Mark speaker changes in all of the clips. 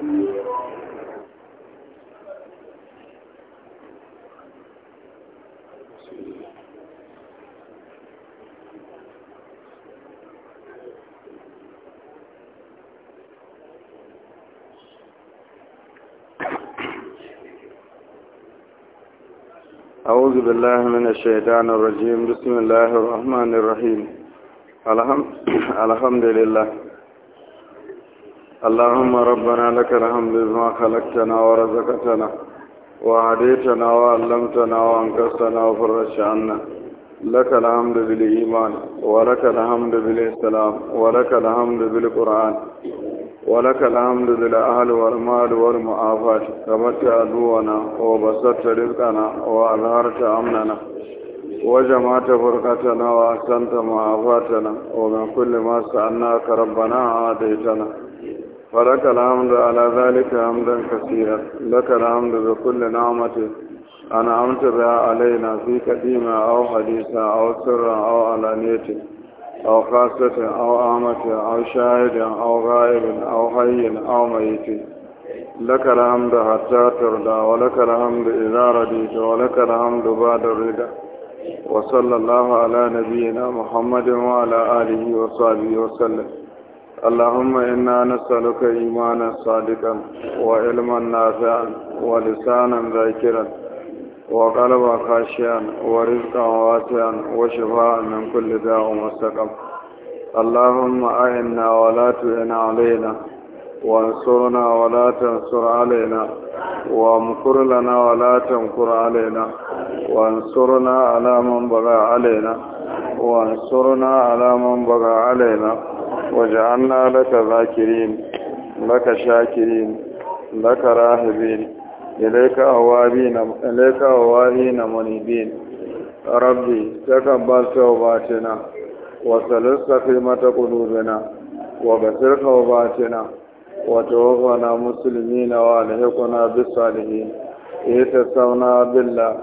Speaker 1: أعوذ بالله من الشيطان الرجيم بسم الله الرحمن الرحيم الحمد لله اللهم ربنا لك الحمد بما خلقتنا ورزقتنا وهديتنا وعلمتنا وانقذتنا وفرجت عنا لك الحمد بالإيمان ولك الحمد بالإسلام ولك الحمد بالقرآن ولك الحمد بالأهل والمال والمعافات كبت عدونا وبسطت رزقنا وأظهرت أمننا وجمعت فرقتنا وأحسنت معافاتنا ومن كل ما سألناك ربنا عاديتنا فلك الحمد على ذلك حمدا كثيرا لك الحمد بكل نعمة أنعمت بها علينا في قديمة أو حديثة أو سرا أو علانية أو خاصة أو آمة أو شاهد أو غائب أو حي أو ميت لك الحمد حتى ترضى ولك الحمد إذا رضيت ولك الحمد بعد الرضا وصلى الله على نبينا محمد وعلى آله وصحبه وسلم اللهم إنا نسألك إيمانا صادقا وعلما نافعا ولسانا ذاكرا وقلبا خاشعا ورزقا واسعا وشفاء من كل داء مستقم اللهم أعنا ولا تعن علينا وانصرنا ولا تنصر علينا وامكر لنا ولا تمكر علينا وانصرنا على من بغى علينا وانصرنا على من بغى علينا وجعلنا لك ذاكرين لك شاكرين لك راهبين إليك أوابين إليك أوابين منيبين ربي تقبل توباتنا وسلس سخيمة قلوبنا وبسر توباتنا وتوفنا مسلمين والحقنا بالصالحين اتصلنا بالله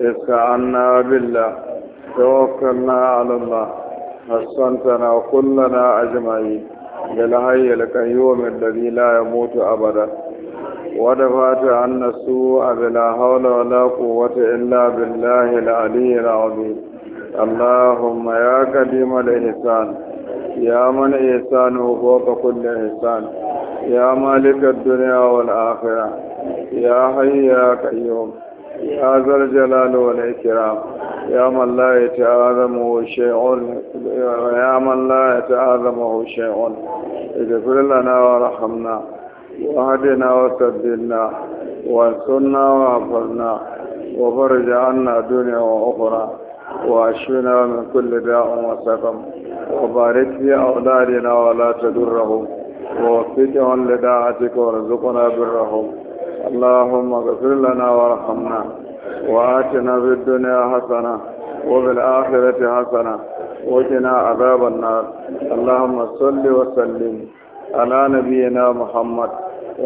Speaker 1: استعنا بالله توكلنا على الله حسنتنا كلنا أجمعين للحي القيوم الذي لا يموت أبدا ودفعت عنا السوء بلا حول ولا قوة إلا بالله العلي العظيم اللهم يا كريم الإحسان يا من إحسانه فوق كل إحسان يا مالك الدنيا والآخرة يا حي يا قيوم azar jalali wani ikiram ya mallaya ta azama wa shi'un ya mallaya ta azama wa shi'un da firla na wa rahamna wa hadina wa sabbinna wa sunna wa afirna wa na duniya wa ukura wa shuna wa min kulli da'un wa sakam wa barik fi awdarina wa la tadurrahum wa wafiqahum li da'atika wa razuqna birrahum اللهم اغفر لنا وارحمنا وآتنا في الدنيا حسنة وفي الآخرة حسنة وقنا عذاب النار اللهم صل وسلم على نبينا محمد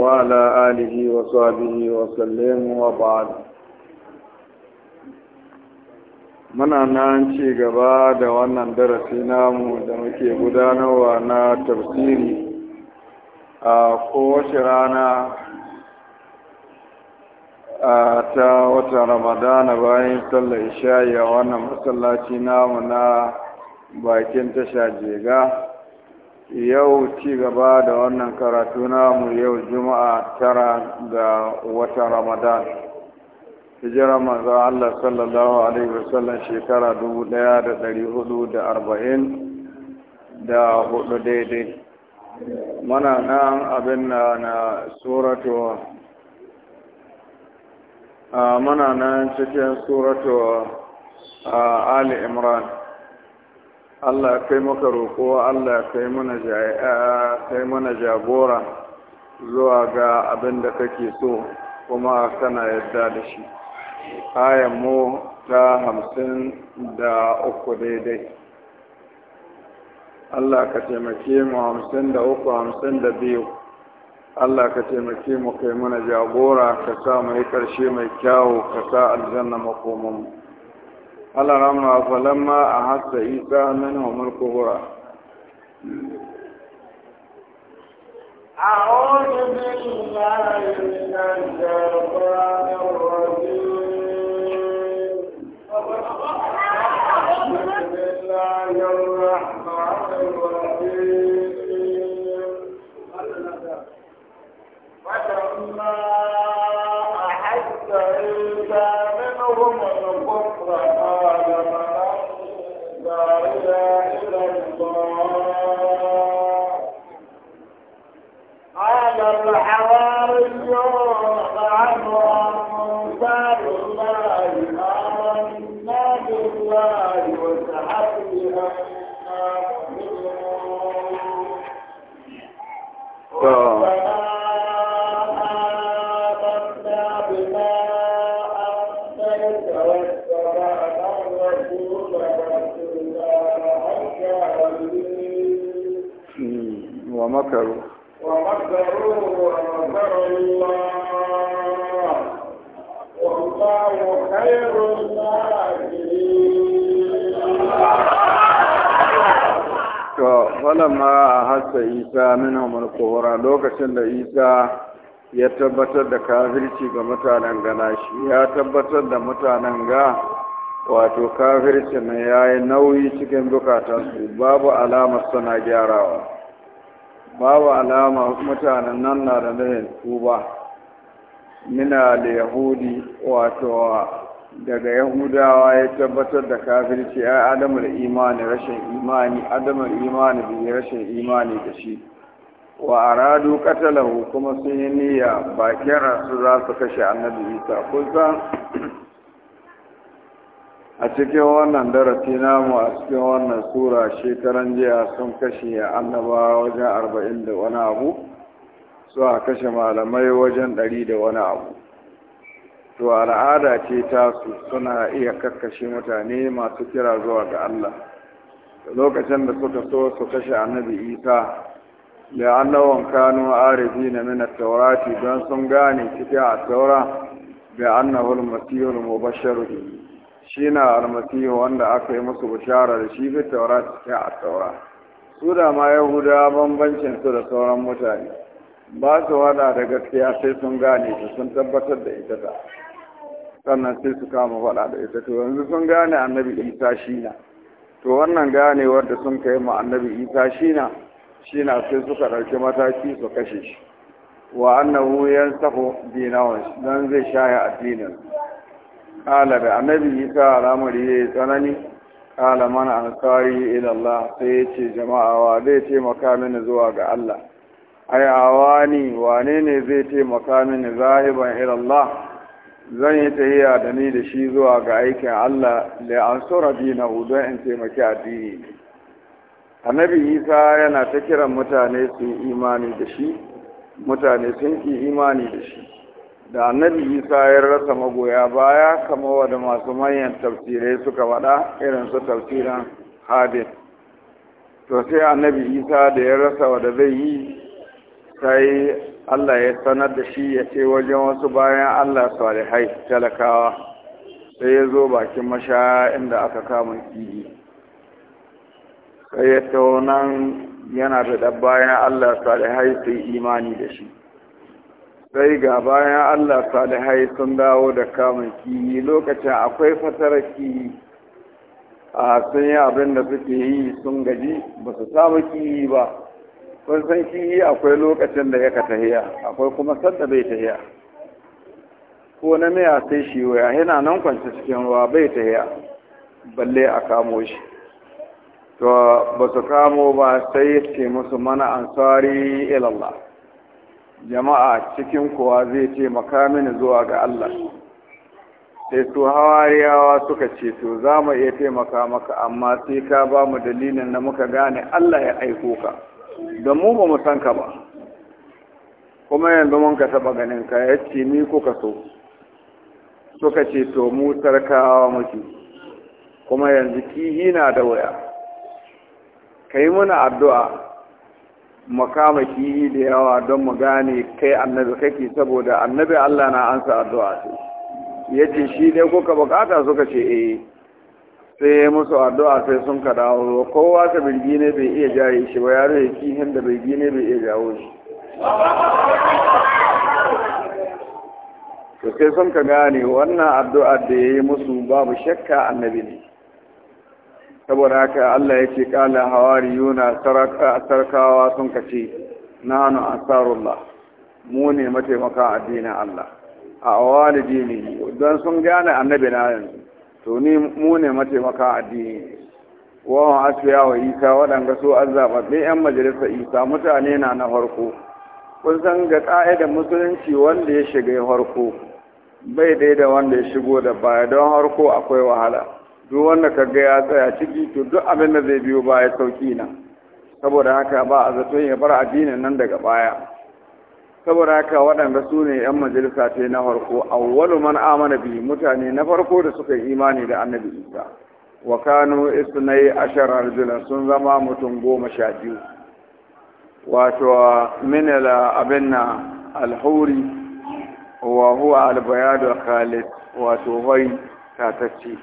Speaker 1: وعلى آله وصحبه وسلم وبعد muna nan ci gaba da wannan darasi namu da muke gudanarwa na tafsiri a kowace rana ta wata ramadana bayan sallar isha'i a wannan masallaci namu na bakin tasha jega yau ci gaba da wannan karatu namu yau juma'a tara ga wata ramadan hijira manzo Allah sallallahu alaihi wasallam shekara dubu ɗaya da dari hudu da arba'in da hudu daidai mana nan abin na suratu muna nan cikin suratu ali imran Allah kai maka roƙo Allah kai mana kai mana jagora zuwa ga abin da kake so kuma kana yadda da shi ayan mu ta hamsin da uku daidai Allah ka taimake mu hamsin da uku hamsin da biyu Allah ka taimake mu kai mana jagora ka sa mu yi ƙarshe mai kyawu ka sa aljanna makomanmu Allah ramna falamma a hasa isa nan humul kubura
Speaker 2: أعوذ بالله من الشيطان الرجيم بسم الله الرحمن الرحيم
Speaker 1: ya tabbatar da kafirci ga mutanen gana shi ya tabbatar da mutanen ga wato kafirci na ya yi nauyi cikin su, babu alamar suna gyarawa babu alama mutanen nan na da su tuba mina da yahudi wato daga yahudawa ya tabbatar da kafirci ya yi da imani rashin imani adamar imani bi rashin imani da shi wa aradu katalahu kuma sun yi niyya ba rasu za su kashe annabi isa kusa a cikin wannan darasi namu a cikin wannan sura shekaran jiya sun kashe annaba wajen arba'in da wani abu su a kashe malamai wajen ɗari da wani abu to al'ada ce ta su suna iya kakkashe mutane masu kira zuwa ga allah lokacin da suka so su kashe annabi isa da annawan kanu arifi na mina taurati don sun gane cikin a taura da annahul masihul shi na almasihu wanda aka yi musu bishara da shi fi taura cikin a taura su da ma yahuda bambancin su da sauran mutane ba su wada da gaskiya sai sun gane su sun tabbatar da ita ta sannan sai su kama faɗa da ita to yanzu sun gane annabi isa shi na to wannan ganewar da sun kai ma annabi isa shi na shi na sai suka ɗauki mataki su kashe shi wa annahu yansahu dinawan dan zai shaya addinin qala bi annabi isa al'amari ya tsanani qala an ansari ila Allah sai ya ce jama'a wa zai taimaka mini zuwa ga Allah ai awani wane ne zai taimaka mini zahiban ila zan yi tahiya da ni da shi zuwa ga aikin Allah la ansura dinahu don in taimaki addini annabi isa yana ta kiran mutane su yi imani da shi mutane sun ki imani da shi da annabi isa ya rasa magoya baya kama wadda masu manyan tafsirai suka wada irin su tafsirin hadin to sai annabi isa da ya rasa wadda zai yi sai allah ya sanar da shi ya ce wajen wasu bayan allah salihai talakawa sai ya zo bakin mashaya inda aka kamun kifi sai ta wannan yana da bayan Allah salihai su yi imani da shi sai ga bayan Allah salihai sun dawo da kamun kiyi lokacin akwai fatarar kiyi a sun yi abin da suke yi sun gaji ba su samu kiyi ba kun san kiyi akwai lokacin da yaka tahiya akwai kuma sanda bai tahiya ko na mai sai shi waya yana nan kwance cikin ruwa bai tahiya balle a kamo shi to ba su kamo ba sai ya ce musu mana ansari ilallah jama'a cikin kowa zai taimaka mini zuwa ga Allah sai su hawariyawa suka ce to za mu iya taimaka maka amma sai ka ba mu dalilin da muka gane Allah ya aiko ka don mu ba mu san ka ba kuma yanzu mun ka taba ganin ka ya ce ni kuka so suka ce to mu tarkawa muke kuma yanzu kihina da waya ka yi mana addu'a makama kihi da yawa don mu gane kai annabi kake saboda annabi Allah na ansa addu'a su ya ce shi dai ka bukata suka ce eh sai ya musu addu'a sai sun ka dawo kowa ta birgi ne bai iya jaye shi ba yaro ya kihin da birgi ne bai iya jawo shi sai sun ka gane wannan addu'a da ya yi musu babu shakka annabi ne saboda haka Allah ya ce kala hawariyuna sarkawa sun kace nanu ansarullah mu ne mataimaka addinin Allah a walidi ne don sun gane annabi na yanzu to ni mu ne mataimaka addini wawan asiya wa isa waɗanda su an zaɓaɓɓe 'yan majalisar isa mutane na na farko kun san ga ƙa'idar musulunci wanda ya shiga farko bai ɗaya da wanda ya shigo da baya don harko akwai wahala duk wanda ka ga ya tsaya ciki to duk abin da zai biyo baya sauki na saboda haka ba a zato ya bar addinin nan daga baya saboda haka waɗanda su ne 'yan majalisa ta na farko awwalu man amana bi mutane na farko da suka yi imani da annabi isa wa kanu isnai ashar sun zama mutum goma sha biyu wato min abin na alhuri wa huwa albayadu khalid wato wai tatacce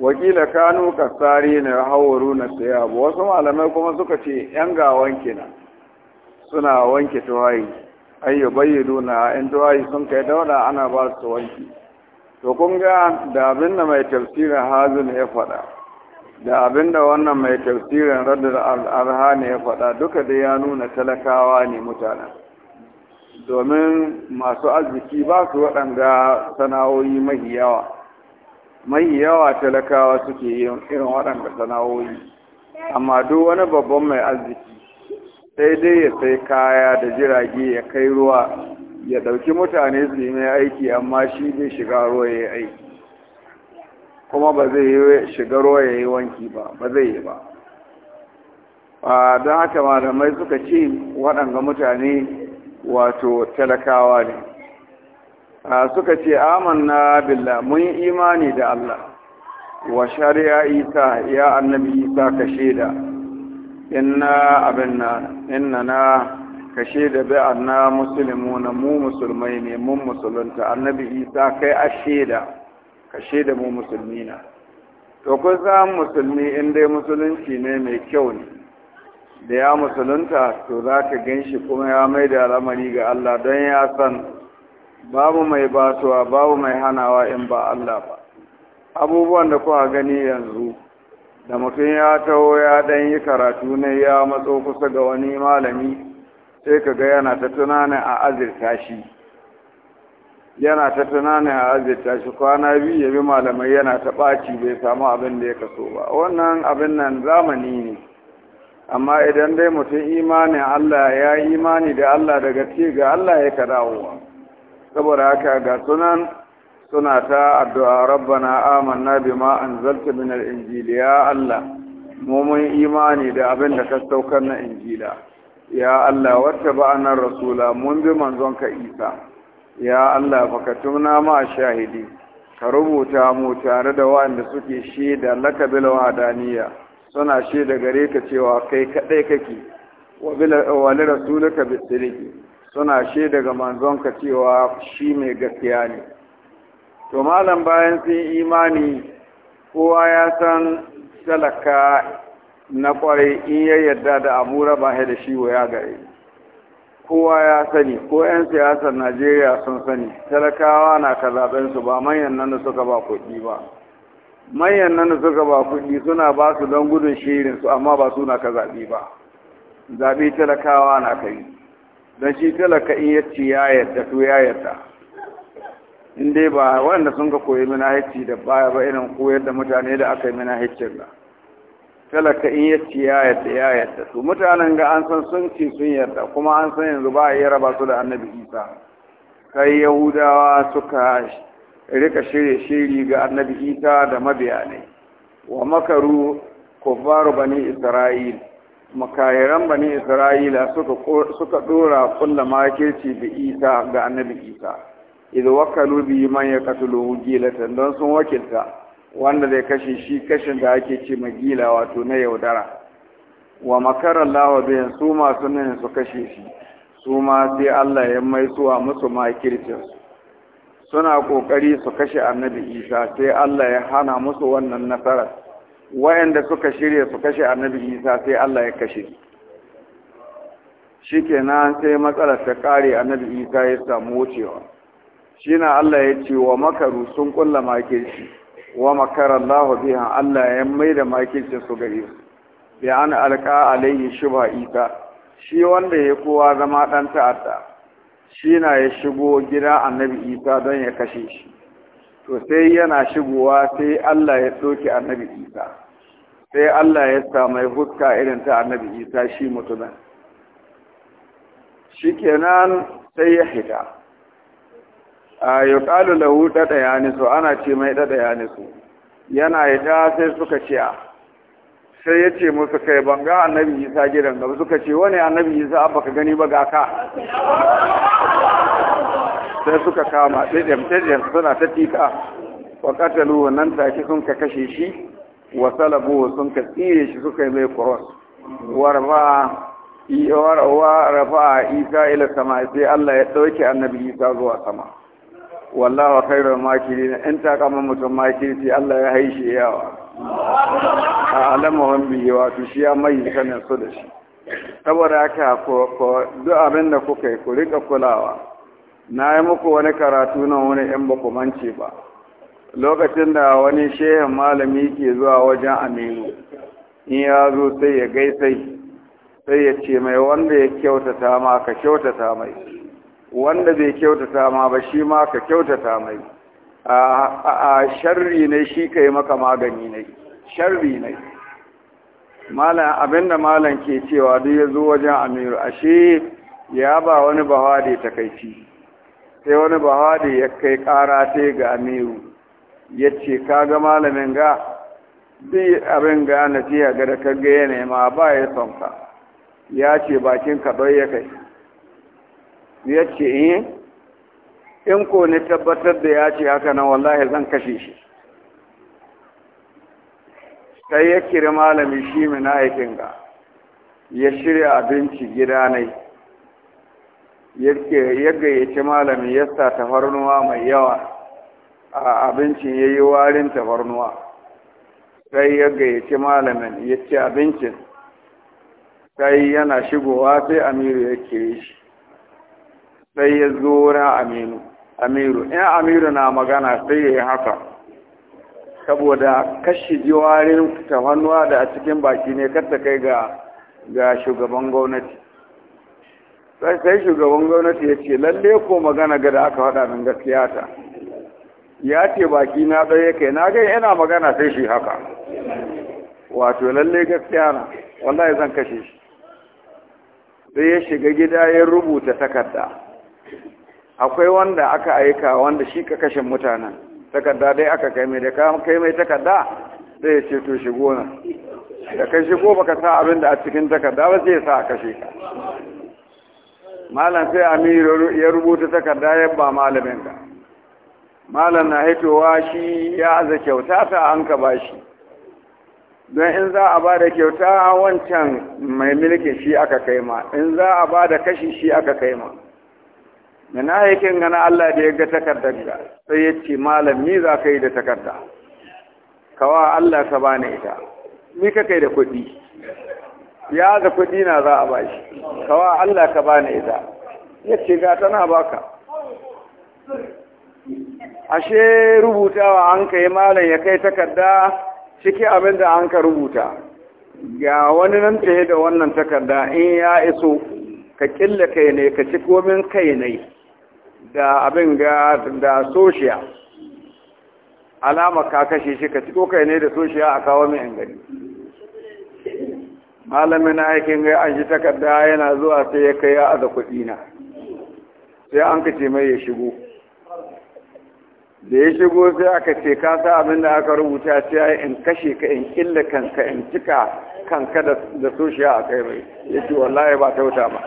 Speaker 1: wakila kanu kasari na hawaru na siyabu wasu malamai kuma suka ce yan gawan na?' suna wanke tuwayi ayyo bayyado na yan tuwayi sun kai daula ana ba su wanki to kun ga da abin da mai tafsirin hazin ya faɗa da abin da wannan mai tafsirin radar arhani ya faɗa duka da ya nuna talakawa ne mutanen domin masu arziki ba su waɗanda sana'o'i mahi yawa mai yawa talakawa suke yin irin waɗanda sana'o'i amma duk wani babban mai arziki sai dai ya sai kaya da jirage ya kai ruwa ya ɗauki mutane su yi aiki amma shi zai shiga ruwa ya yi aiki kuma ba zai yi shiga ruwa ya yi wanki ba ba zai yi ba A don haka malamai suka ce waɗanga mutane wato talakawa ne suka ce amanna billah mun yi imani da Allah wa shari'a isa ya annabi isa ka sheda inna abinna inna na ka sheda bi anna muslimuna mu musulmai ne mun musulunta annabi isa kai a sheda ka sheda mu musulmi na. to kun san musulmi in dai musulunci ne mai kyau ne da ya musulunta to za ka gan shi kuma ya mai da al'amari ga Allah don ya san babu mai basuwa, babu mai hanawa in ba Allah ba abubuwan da kuka gani yanzu da mutum ya taho ya dan yi karatu ne ya matso kusa ga wani malami sai ka ga yana ta tunanin a azirta shi yana ta tunanin a azirta shi kwana biyu ya bi malamai yana ta ɓaci bai samu abin da ya kaso ba wannan abin nan zamani ne amma idan dai mutum imanin Allah ya imani da Allah daga ce ga Allah ya ka dawowa saboda haka ga sunan suna ta addu'a rabbana amanna bima anzalta min al-injil ya Allah mu imani da abin da ka saukar na injila ya Allah wata ba'anar rasula mun bi manzon ka Isa ya Allah fakatumna ma shahidi ka rubuta mu tare da wanda suke shaida laka wadaniya suna shaida gare ka cewa kai kaɗai kake wa bil rasulika bisiliki suna she daga manzonka cewa shi mai gaskiya ne to malam bayan sun imani kowa ya san talaka na kwarai in ya yarda da amura ba da shi ya gare kowa ya sani ko 'yan siyasar najeriya sun sani talakawa na kazaɓensu ba manyan nan suka ba kuɗi ba manyan nan suka ba kuɗi suna ba su don gudun shirin su amma ba suna kazaɓi ba zaɓe talakawa na kai don shi talaka in yace ya yarda to ya yarda in dai ba wanda sun ga koyi minahici da baya ba irin koyar da mutane da aka yi da ga talaka in yace ya yarda ya yarda to mutanen ga an san sun ce sun yarda kuma an san yanzu ba a raba su da annabi isa kai yahudawa suka rika shirye shiri ga annabi isa da mabiya ne wa makaru kuffaru bani isra'il makayaran bani isra'ila suka dora kulla makirci da isa ga annabi isa idan wakalu bi man ya katulu gilatan don sun wakilta wanda zai kashe shi kashin da ake ce magila wato na yaudara wa makarar lawa biyan su masu nan su kashe shi su ma sai allah ya mai suwa musu makircinsu suna kokari su kashe annabi isa sai allah ya hana musu wannan nasarar wayanda suka shirya su kashe annabi isa sai Allah ya kashe shi kenan sai matsalar ta kare annabi isa ya samu wucewa shi na Allah ya ce wa makaru sun kulla makirci wa makarar lahu bihan Allah ya mai da makirci su gare su bi an alka alaihi shubha isa shi wanda ya kowa zama dan ta'adda shi na ya shigo gida annabi isa don ya kashe shi to sai yana shigowa sai Allah ya soke annabi Isa sai Allah ya sa mai huska irin ta annabi Isa shi mutumin shikenan sai ya hita a yuqalu lahu dadayani so ana ce mai dadayani so yana hita sai suka ce ah. sai ya ce musu kai ban ga annabi Isa gidan gaba suka ce wani annabi Isa abba ka gani ba ga ka sai suka kama ɗiɗin ɗiɗin suna ta tika wa katalu ta take sun ka kashe shi wa salabu sun ka tsire shi suka yi mai kuros wa rafa isa ila sama sai Allah ya ɗauke annabi isa zuwa sama wallahu kairar makiri in ta kama mutum makiri sai Allah ya haishe yawa a alamahun biyu wato shi ya mai sanin su da shi saboda haka duk abin da kuka yi ku rika kulawa na yi muku wani karatu nan wani 'yan ba mance ba lokacin da wani shehin malami ke zuwa wajen aminu in ya zo sai ya gaisai sai ya ce mai wanda ya kyautata ma ka kyautata mai wanda bai kyautata ma ba shi ma ka kyautata mai a sharri ne shi ka yi maka magani ne sharri ne abinda malam ke cewa duk ya zo wajen amiru ashe ya ba wani bahwa da takaici sai wani bahadi ya kai ƙara ta ga amiru ya ce ka ga malamin ga duk abin ga nasiha ga da ka ga yanayi ma ba ya sonka ya ce bakin ka ya kai ya ce in eh, in ko ni tabbatar da ya ce haka nan wallahi zan kashe shi sai ya kiri malami shi mina aikin ga ya shirya abinci gida ya gayyaci malami ya tafarnuwa mai yawa a abincin ya yi warin tafarnuwa sai ya gayyaci malamin ya ci abincin sai yana shigowa sai amiru ya kire shi sai ya zo wurin amiru in amiru na magana sai ya yi haka saboda kashi ji warin tafarnuwa da a cikin baki ne kar ta kai ga shugaban gwamnati sai sai shugaban gwamnati ya ce lalle ko magana ga da aka faɗa min gaskiya ta ya ce baki na ɗaya kai na ga yana magana sai shi haka wato lalle gaskiya na wallahi zan kashe shi sai ya shiga gida ya rubuta takarda akwai wanda aka aika wanda shi ka kashe mutanen takarda dai aka kai mai da kai mai takarda zai ya ce to shigo na da kai shigo baka sa abin da a cikin takarda ba zai sa a kashe ka malam sai amir ya rubuta takarda ya ba malamin ka malam na haitowa shi ya aza kyauta ta an ka bashi don in za a ba da kyauta wancan mai mulkin shi aka kai ma in za a ba da kashi shi aka kai ma na yakin gana Allah da ya ga takardar da? sai ya ce malam ni za ka yi da takarda kawa Allah ka bani ita ni ka kai da kuɗi ya da kuɗi na za a bashi kawa Allah ka bani ita ya ce ga tana baka ashe rubutawa an kai malam ya kai takarda ciki abin da an ka rubuta ga wani nan tahe da wannan takarda in ya iso ka killa kai ne ka ci komin kai ne da abin ga da soshiya alama ka kashe shi ka ci kai ne da soshiya a kawo min in malamin aikin gai an shi takarda yana zuwa sai ya kai ya aza kuɗi na sai an kace mai ya shigo da ya shigo sai aka ce ka sa abin da aka rubuta sai in kashe ka in killa kanka in cika kanka da soshiya a kai mai ya ce wallahi ba ta wuta ba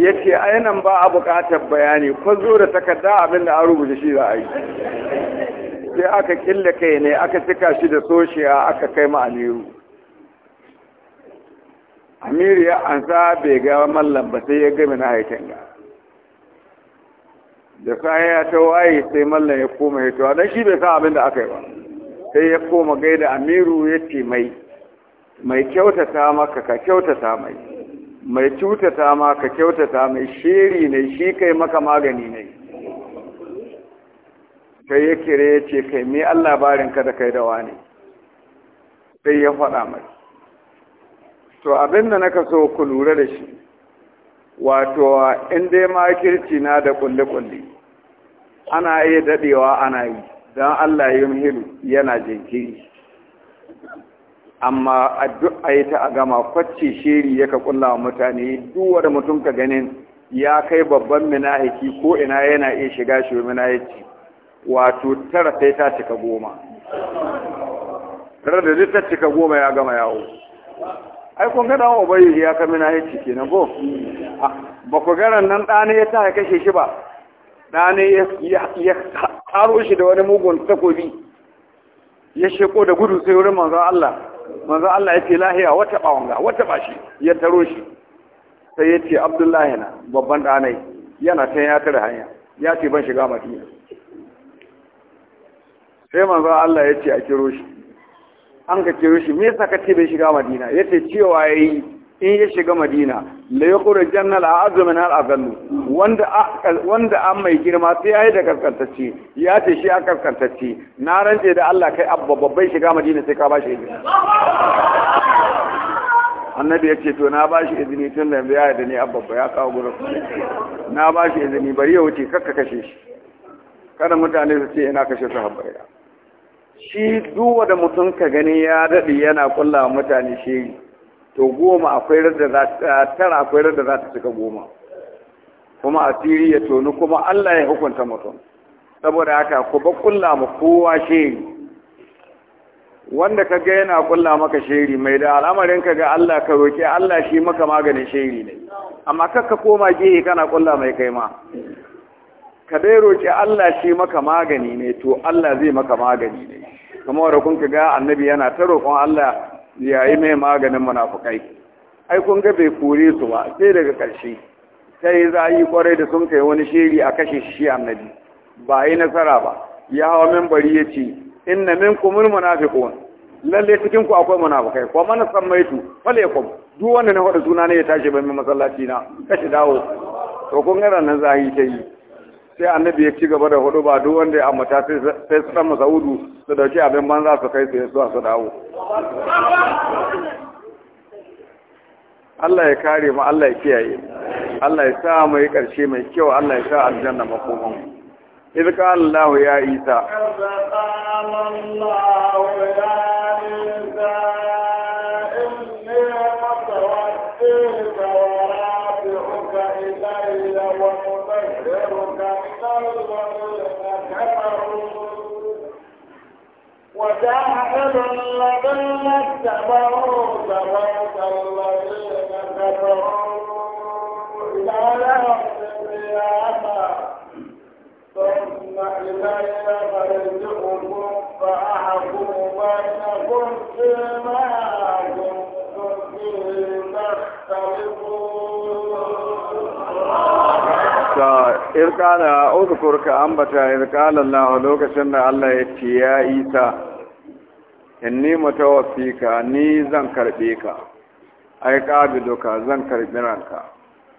Speaker 1: yace ce ainihin ba a bukatar bayani ko zo da takarda abin da an rubuta shi za a yi sai aka kille kai ne aka cika shi da soshiya aka kai ma aliyu amiru ya ansa bai ga mallam ba sai ya gami na haikin ga da sai ya ta waye sai mallam ya koma ya tawa dan shi bai sa abin da aka yi ba sai ya koma da amiru ya ce mai mai kyautata maka ka kyautata mai mai cutata maka ka kyautata mai shiri ne shi kai maka magani ne sai ya kire ya ce kai me allah barin ka da kai da wani sai ya faɗa mai to abin da naka so ku lura da shi wato in dai kirci, na da kulle-kulle ana iya daɗewa ana yi don Allah yin muhimmi yana jinkiri amma addu'a yi ta a gama kwacce shiri yaka kulla wa mutane duk da mutum ka ganin ya kai babban minahiki ko ina yana iya shiga shi minahiki wato tara sai ta cika goma tara da duk ta cika goma ya gama yawo ai kun wa dan ubayi ya kame na yace kenan ko ah, ba ku garan nan ɗane ya ta kashe shi ba ɗane ya taro shi da wani mugun takobi ya sheko da gudu sai wurin manzon Allah manzon Allah ya ce lahiya wata bawanga wata ba shi ya taro shi sai ya ce Abdullahi na babban ɗanai yana ta ya tare hanya ya ce ban shiga Madina sai manzo Allah ya ce a kiro shi an ka kiro shi me yasa ka ce bai shiga Madina yace cewa yayi in ya shiga Madina la yukhrijan jannal a'zu min al azallu wanda wanda an mai girma sai yayi da kaskantacce ya ce shi a kaskantacce na rance da Allah kai abba babban shiga Madina sai ka ba shi izini annabi ya ce to na ba shi izini tun da ya yarda ne abba ya kawo gurin na ba shi izini bari ya wuce kakka kashe shi kada mutane su ce ina kashe su sahabbai shi duwa da mutum ka gani ya daɗi yana kulla mutane shiri to goma akwai radda za ta tara akwai da za ta cika goma kuma asiri ya tonu kuma Allah ya hukunta mutum saboda haka ku ba kulla mu kowa shiri wanda ka ga yana kulla maka shiri mai da al'amarin ka ga Allah ka roki Allah shi maka maganin shiri ne amma kakka koma gehe kana kulla mai kaima ka dai roƙi Allah shi maka magani ne to Allah zai maka magani ne kamar da kun ga annabi yana ta roƙon Allah ya yi mai maganin munafukai ai kun ga bai kore su ba sai daga ƙarshe sai za yi kwarai da sun kai wani shiri a kashe shi annabi ba yi nasara ba ya hawa membari ya ce inna minkum munafiqun lalle cikin ku akwai munafikai ko mai sammaitu falekum duk wanda na hada suna ne ya tashi ban masallaci na kashi dawo to kun ga nan zahi ta yi sai annabi ya ci gaba da hudu ba duk wanda ya amata sai su san masaudu su dauki abin banza su kai su zuwa su dawo Allah ya kare mu Allah ya kiyaye Allah ya sa mu yi karshe mai kyau Allah ya sa aljanna makoman mu idh qala Allah ya Isa
Speaker 2: qala Allah ya Isa وجاهد الذين اتبعوا صراط الذين كفروا إلى يوم القيامة
Speaker 3: ثم إلي مرجعكم فأحكم بينكم فيما كنتم به
Speaker 2: تختلفون
Speaker 3: ta
Speaker 1: irkala uzkurka ambata irkala Allah lokacin da Allah ya ce ya isa inni mutawaffika ni zan karbe ka ai doka zan karbi ranka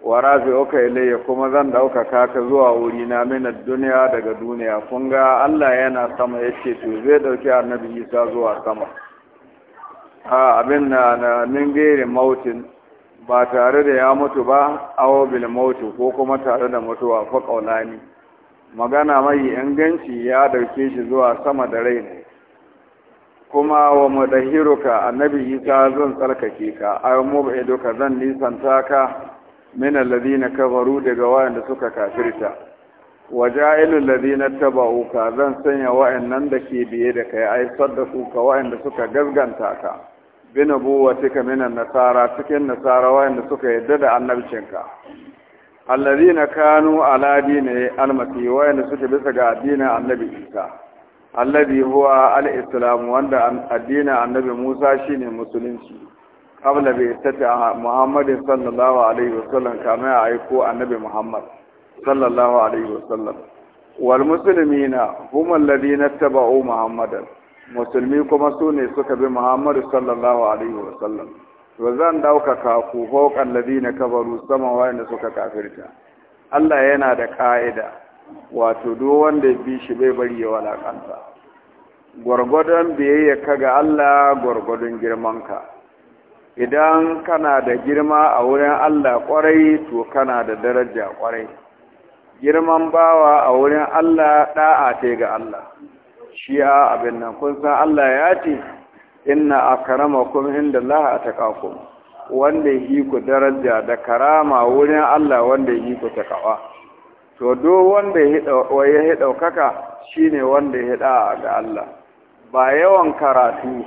Speaker 1: wa uka ilayya kuma zan dauka ka zuwa wuri na mina duniya daga duniya kun ga Allah yana sama yace to zai dauki annabi Isa zuwa sama a abin na min gairin mautin ba tare da ya mutu ba awo bil ko kuma tare da mutuwa fa kaulani magana mai inganci ya dauke shi zuwa sama da rai ne kuma wa mudahiruka annabi isa zan tsarkake ka ayo ka zan nisanta ka min alladhina kafaru daga wayanda suka kafirta wa ja'ilul ladina tabauka zan sanya wayannan da ke biye da kai ai saddaku ka wayanda suka gazganta ka Binabu binabuwatika minan nasara cikin nasara wayanda suka yadda da annabcinka allazina kanu ala dini almasi wayanda suke bisa ga addinin annabi Isa allazi huwa al-islam wanda addinin annabi Musa shine musulunci qabla bi istata Muhammadin sallallahu alaihi wasallam kamar ya aiko annabi Muhammad sallallahu alaihi wasallam wal muslimina hum allazina tabau Muhammadan musulmi kuma su ne suka bi muhammadu sallallahu alaihi wasallam to zan ɗaukaka ku hokan ladina kabaru sama wayanda suka kafirta Allah yana da ƙa'ida wato duk wanda bi shi bai bari ya walakanta gwargwadon biyayya ka ga Allah gwargwadon ka idan kana da girma a wurin Allah kwarai to kana da daraja kwarai girman bawa a wurin Allah da'a ce ga Allah shi ya abin nan kun san Allah ya ce inna akramakum inda Allah wanda yi ku daraja da karama wurin Allah wanda yi ku takawa to do wanda ya yi daukaka shine wanda ya da ga Allah ba yawan karatu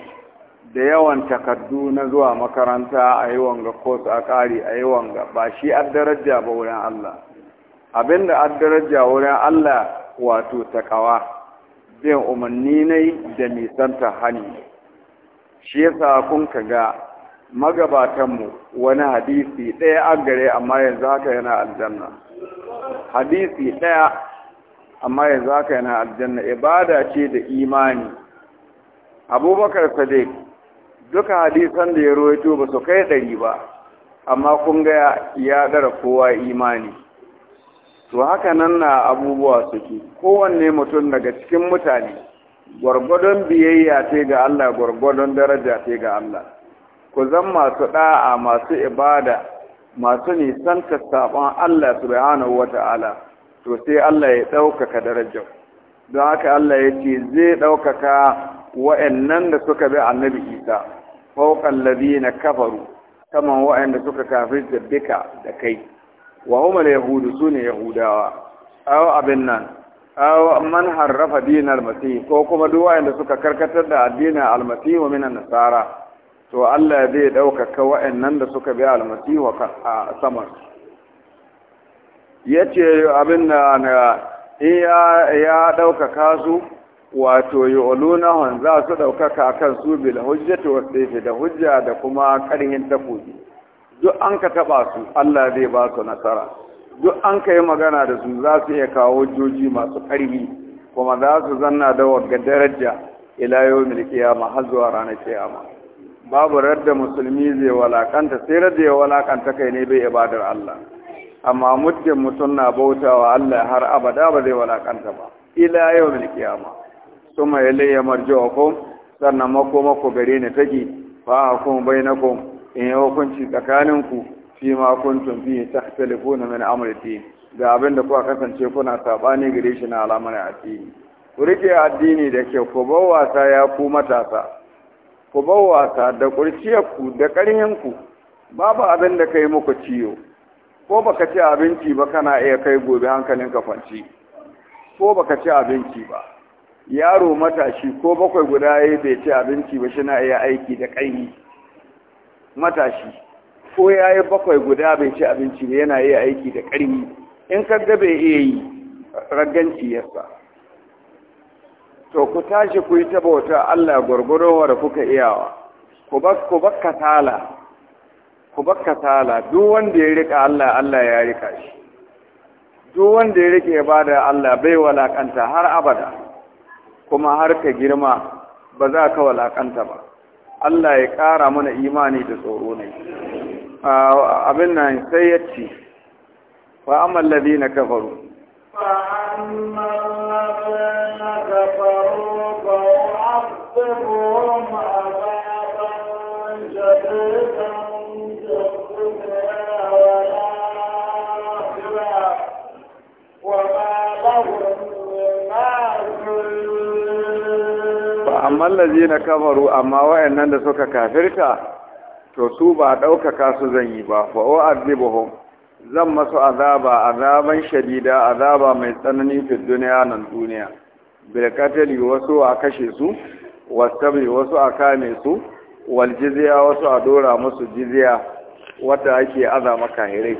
Speaker 1: da yawan takardu na zuwa makaranta a yi wanga ko a a yi wanga ba shi a daraja ba wurin Allah abinda a wurin Allah wato takawa bin umarni ne da nisanta hani shi yasa kun ka ga magabatanmu wani hadisi ɗaya an gare amma yanzu haka yana aljanna hadisi ɗaya amma yanzu haka yana aljanna ibada ce da imani abubakar sadiq duka hadisan da ya rawaito ba su kai ɗari ba amma kun gaya ya ɗara kowa imani to haka nan na abubuwa suke kowanne mutum daga cikin mutane gwargwadon biyayya ce ga Allah gwargwadon daraja ce ga Allah ku zan masu da'a masu ibada masu nisan saɓon Allah subhanahu wata'ala to sai Allah ya ɗaukaka darajar don haka Allah ya ce zai ɗaukaka wa'annan da suka bi annabi isa fauƙan ladina kafaru saman wa'anda suka kafirta bika da kai wa huma yahudu yahud yahudawa aw abin nan aw man harrafa dinar masih ko kuma duk wanda suka karkatar da addinin min an nasara to Allah zai ka wa'annan da suka bi almasihu a saman ya ce abin da ya ɗaukaka su wato yi za su ɗaukaka a kan su bil hujjata wasu da hujja da kuma ƙarhin takobi duk an ka taɓa su Allah zai ba su nasara duk an ka yi magana da su za su iya kawo joji masu ƙarfi kuma za su zanna da wagga daraja ila yau kiyama har zuwa ranar kiyama babu radda musulmi zai walakanta sai radda ya walakanta kai ne bai ibadar Allah amma muddin mutum na bautawa Allah har abada ba zai walakanta ba ila yau kiyama suma ilayya ko? sannan makoma ku gare ni take fa hukum bainakum in yi hukunci tsakaninku fi ma kuntum ta tahtalifuna mai amurci ga abin da kuka kasance kuna sabani gare shi na alamar addini ku rike addini da ke, ku wasa ya ku matasa ku wasa da kurciyarku da ƙarhinku babu abin da kai muku ciyo ko baka ci abinci ba kana iya kai gobe hankalin ka ko baka ci abinci ba yaro matashi ko bakwai guda ya bai ci abinci ba shi na iya aiki da ƙarhi matashi ko ya yi bakwai guda bai ci abinci ba yana yi aiki da ƙarfi in ka ga bai iya yi ragganci yasa to ku tashi ku yi ta bauta Allah gwargwarowa da kuka iyawa ku bakka tala ku duk wanda ya rika Allah Allah ya rika shi duk wanda ya rike ibada Allah bai walakanta har abada kuma har ka girma ba za ka walakanta ba Allah ya ƙara mana imani da tsoro ne abin nan sai ya ce fa amma na kafaru
Speaker 2: fa amma kafaru
Speaker 1: amma amman na kamaru, amma waɗannan da suka kafirta to su ba ɗaukaka su zan yi ba fa u'adhibuhum zan masu azaba azaban shadida azaba mai tsanani fi duniya nan duniya bil yi wasu a kashe su wasabi wasu a kame su wal jizya wasu a dora musu jizya wata ake azama kahirai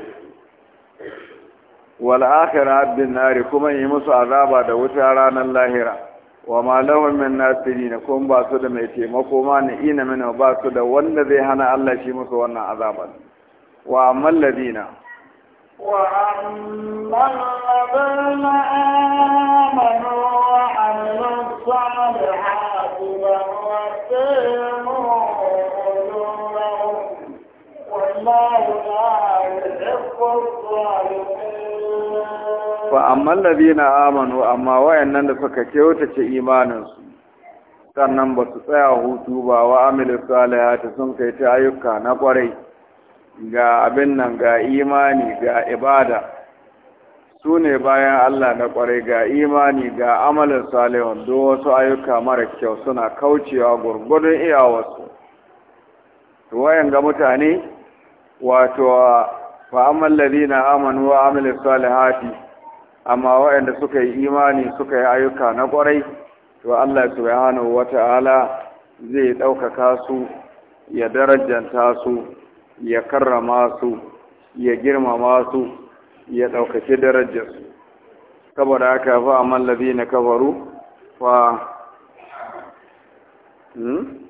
Speaker 1: wal akhirah bin nari kuma yi musu azaba da wuta ranar lahira wa malahun min nasirin na kuma ba su da mai taimako ma ne ina mena ba su da wanda zai hana Allah shi musu wannan azaban? wa amman ladina
Speaker 2: wa amman ladina fa amma
Speaker 1: ladina amanu amma wayannan da suka kyautace imaninsu sannan ba su tsaya hutu ba wa amilu salihati sun kai ta ayyuka na kwarai ga abin nan ga imani ga ibada su ne bayan Allah na kwarai ga imani ga amalin salihun do wasu ayyuka mara kyau suna kaucewa gurgudun iyawarsu wayan ga mutane wato fa amma ladina amanu wa amilu salihati amma waɗanda suka yi imani suka yi ayyuka na ƙwarai to Allah subhanahu wata'ala zai ɗaukaka su ya darajanta su ya karrama su ya girmama su ya ɗaukaki darajarsu saboda fi fa zai na kabaru fa hmm?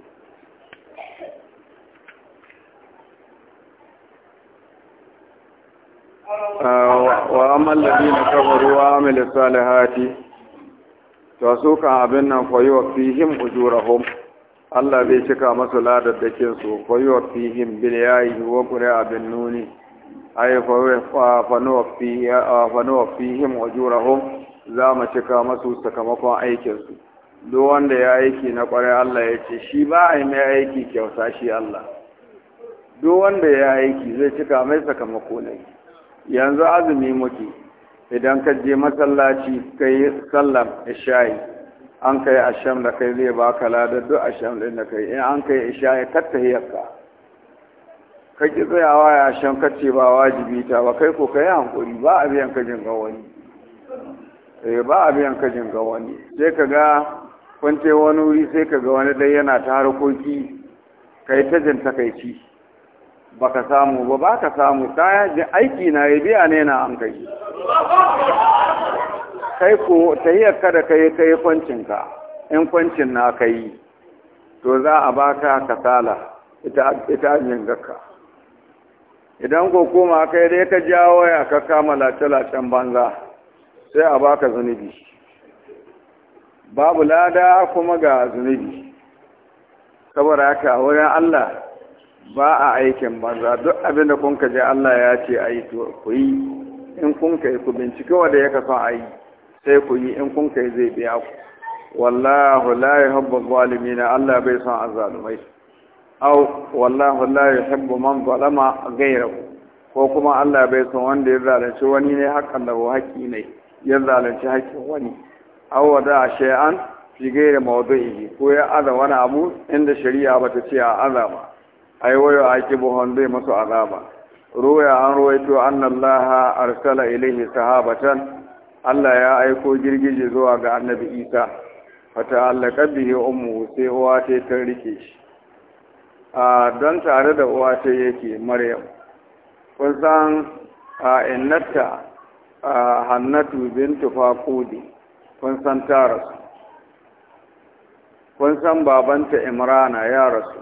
Speaker 1: wa amma alladhina kafaru wa amilu salihati to su kan abin nan koyo fihim ujurahum Allah zai cika masu ladaddakin su koyo fihim bil yayi wa kure abin nuni ay fa fa fihim ujurahum za mu cika masu sakamakon aikin su duk wanda ya aiki na kware Allah ya ce shi ba a yi mai aiki kyauta shi Allah duk wanda ya aiki zai cika mai sakamako ne yanzu azumi muke idan ka je masallaci ka yi sallar isha'i an kai asham da kai zai ba ka ladar duk asham din da kai in an kai isha'i kar ta hiyarka ka ki tsayawa ya asham ka ce ba wajibi ta ba kai ko kai hankuri ba a biyan ka jinga wani eh ba a biyan ka jinga wani sai ka ga ce wani wuri sai ka ga wani dai yana ta harkoki kai ta jin takaici baka samu ba baka samu kaya da aiki na ya biya ne na an kai kai ko yi ka da kai kai kwancin ka in kwancin na kai to za a baka kasala ita ita gaka? idan ko koma kai dai ka jawo ya ka kama lace-lacen banza sai a baka zunubi babu lada kuma ga zunubi saboda haka wurin Allah ba a aikin banza duk abin da kun ji Allah ya ce a yi ku yi in kun kai ku bincike wanda ya kafa a yi sai ku yi in kun kai zai biya ku wallahu la yuhibbu zalimin Allah bai son azzalumai aw wallahu la yuhibbu man zalama ghayrahu ko kuma Allah bai son wanda ya zalunci wani ne hakan da haƙi ne ya zalunci haƙin wani aw wada shay'an fi ghayri mawdu'ihi ko ya adawa wani abu inda shari'a bata ce a azaba ay wayo ake buhon zai masu azaba ruwaya an ruwaito annallaha arsala ilaihi sahabatan Allah ya aiko girgije zuwa ga annabi Isa fata allaka bihi ummu sai uwa ta ta rike shi a don tare da uwa ta yake Maryam kun san a innata Hannatu bintu Faqudi kun san ta rasu kun san babanta Imrana ya rasu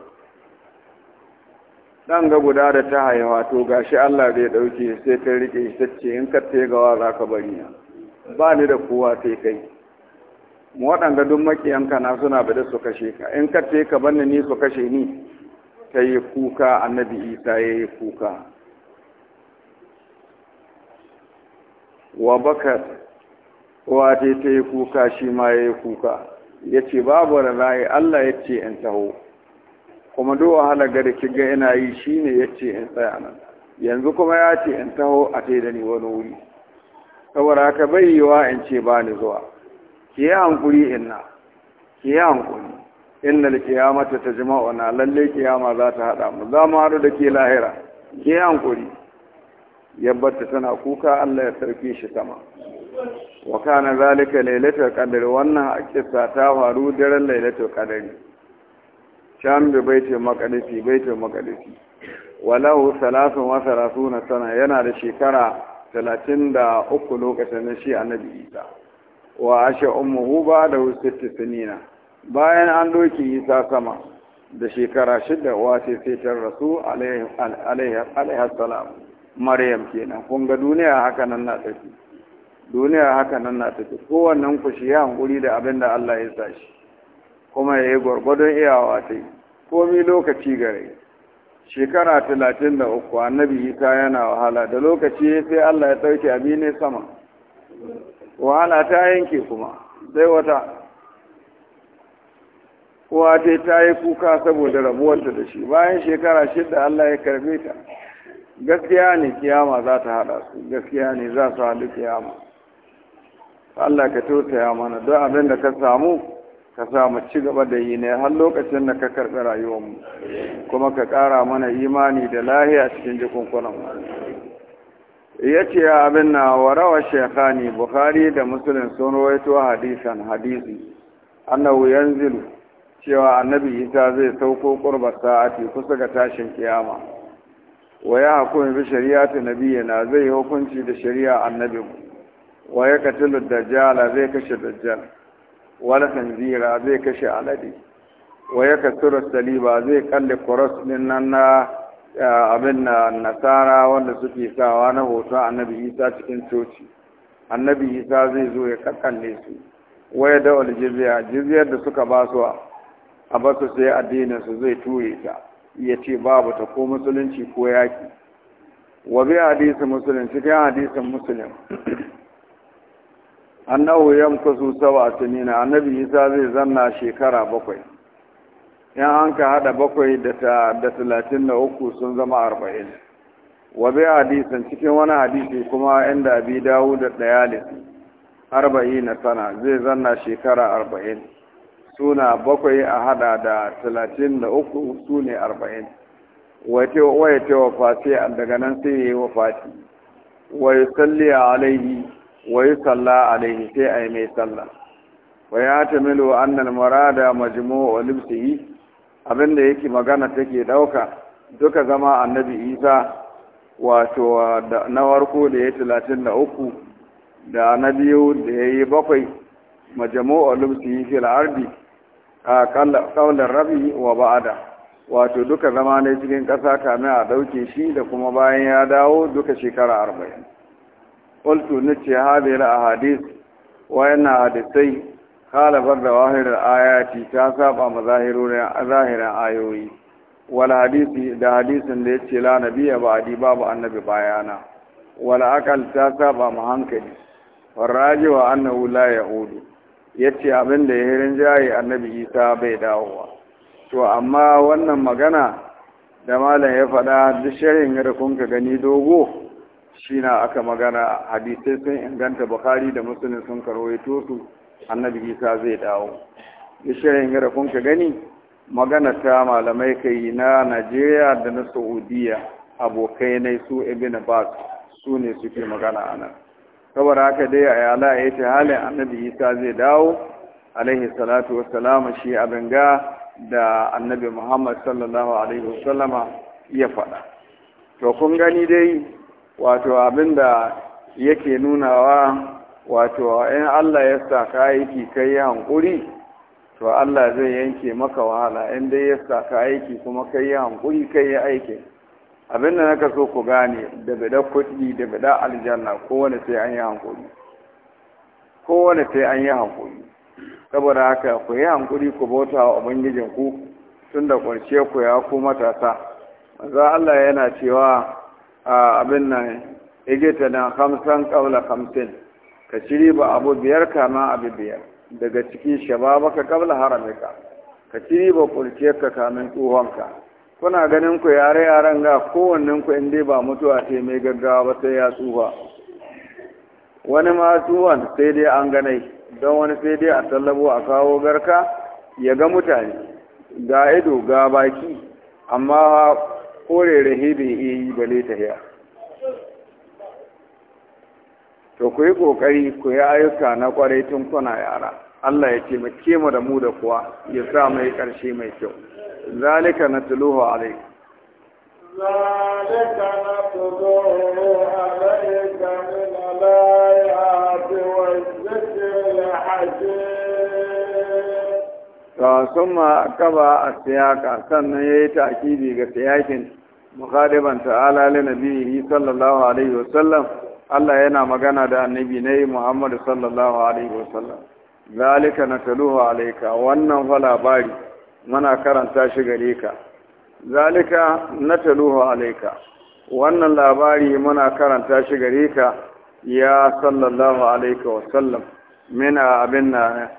Speaker 1: ɗan ga guda da ta haihuwa to gashi Allah bai ɗauke sai ta riƙe sace in ka gawa za ka bari ba ni da kowa sai kai waɗanda duk makiyanka na suna bada su kashe ka in ka ka bani ni su kashe ni ta yi kuka annabi isa ya yi kuka wa bakar kowa ta yi kuka shi ma ya yi kuka ya ce babu ranayi Allah ya ce in taho kuma duk wahalar ga da kiga ina yi shine yace in tsaya nan yanzu kuma ya ce in taho a tai da ni wani wuri saboda haka bai yiwa in ce ba ni zuwa ki yi hankuri inna ki yi hankuri innal qiyamata na lalle kiyama za ta hada mu za mu haɗu da ke lahira ki yi hankuri yabbata tana kuka Allah ya sarki shi sama wa kana zalika lailatul qadr wannan a kissa ta faru daren lailatul qadr can bi baitul maqdisi baitul maqdisi Walau, salatun wa salatuna sana yana da shekara talatin da uku lokacin da shi annabi Isa wa asha ummuhu ba da sitti sinina bayan an doki Isa sama da shekara shida wace sai ta rasu alaihi salam maryam kenan kun ga duniya haka nan na tafi duniya haka nan na tafi kowannen ku shi ya hankuri da abin da Allah ya sa shi kuma ya yi gwargwadon iyawa ta yi komi lokaci gare shekara talatin da uku annabi isa yana wahala da lokaci sai allah ya abi ne sama wahala ta yanke kuma sai wata uwa dai ta yi kuka saboda rabuwarta da shi bayan shekara shida allah ya karbe ta gaskiya ne kiyama za ta haɗa su gaskiya ne za su haɗu kiyama Allah ka tausaya mana don abin da ka samu ka sa mu ci gaba da yi ne har lokacin da ka karɓi rayuwarmu kuma ka ƙara mana imani da lahiya cikin jikunkunan ya ce ya abin na warawa shekani bukhari da musulun sun rawaito hadisan hadisi annahu yanzu cewa annabi isa zai sauko qurba sa'ati kusa ga tashin kiyama wa ya hukumi bi shari'ati na zai hukunci da shari'a annabi wa ya katilu dajjala zai kashe dajjal wani hanzira zai kashe alade waya ya kasura saliba zai kalle kuras din nan na abin na nasara wanda suke sawa na hoto annabi isa cikin coci annabi isa zai zo ya kakkalle su waya da wal jizya jirgin da suka ba su a su sai addinin su zai ture ta ya ce babu ta ko musulunci ko yaki wa bi hadisi musulun cikin hadisin musulun annahu yamkusu sab'a sinina annabi isa zai zanna shekara bakwai in an ka hada bakwai da da talatin da uku sun zama arba'in wa bi hadisin cikin wani hadisi kuma inda abi dawo da dayalis na sana zai zanna shekara arba'in suna bakwai a hada da talatin da uku su ne arba'in ce wa Fati daga nan sai ya yi wafati wa yusalli alaihi wa yi salla sai a yi mai salla wa ya milo annal marada wa libsihi abinda yake magana take dauka duka zama annabi isa wato na warko da ya talatin da uku da na biyu da ya yi bakwai majamu'u libsihi fil ardi a kaular rabi wa ba'ada wato duka zama ne cikin ƙasa kamin a ɗauke shi da kuma bayan ya dawo duka shekara arba'in qultu ce hadhihi al-ahadith wa hadisai khalafa da wahirar ayati ta saba ma zahirin ayoyi wal hadisi da hadisin da yace la nabiyya ba'di babu annabi bayana wal ta saba ma hankali faraji wa annahu la yahudu yace abin da yahirin jayi annabi Isa bai dawowa to amma wannan magana da malam ya faɗa duk sharhin da kun ka gani dogo Shina aka magana hadisai sun inganta bukari da musulun sun karwaito su annabi isa zai dawo ya shirin gara kun ka gani magana ta malamai kai na najeriya da na saudiya abokai na su ibn abbas su ne suke magana a nan saboda haka dai a yala ya ce halin annabi isa zai dawo alaihi salatu wassalamu shi abin ga da annabi muhammad sallallahu alaihi wasallama iya faɗa to kun gani dai wato abin da yake nunawa wato in Allah ya sa ka aiki kai ya hankuri to Allah zai yanke maka wahala in dai ya sa ka aiki kuma kai ya hankuri kai ya aiki Abin da naka so ku gane da bada kuɗi da bada aljanna kowane sai an yi hankuri kowane sai an yi hankuri saboda haka ku yi hankuri ku bauta wa ubangijinku tun da ƙwarshe ku ya ku matasa manzo Allah yana cewa abin nan igita na hamsin kawla hamsin ka shiri ba abu biyar kama abu biyar daga ciki shababaka kawla haramika ka shiri ba ka kamin tsohonka kuna ganin ku yare yaren ga kowannen ku in dai ba mutuwa ce mai gaggawa ba sai ya tsufa wani ma tsuwan sai dai an ganai don wani sai dai a tallabo a kawo garka ya ga mutane ga ido ga baki amma kore rahe iya yi bale tahiya to ku yi ƙoƙari ku yi ayyuka na ƙwarai tun kuna yara Allah ya taimake mu da mu da kuwa ya sa mai ƙarshe mai kyau zalika na tuluhu alai
Speaker 2: zalika na tuluhu alaika min alayati wa zikri hajji
Speaker 1: sun ma kaba a siyaka sannan ya yi takidi ga siyakin mukhadiban ta'ala li nabiyhi sallallahu alaihi wa sallam Allah yana magana da annabi ne Muhammad sallallahu alaihi wa sallam zalika nataluhu alayka wannan fa labari muna karanta shi gare ka zalika nataluhu alayka wannan labari muna karanta shi gare ka ya sallallahu alaihi wa sallam mina abin na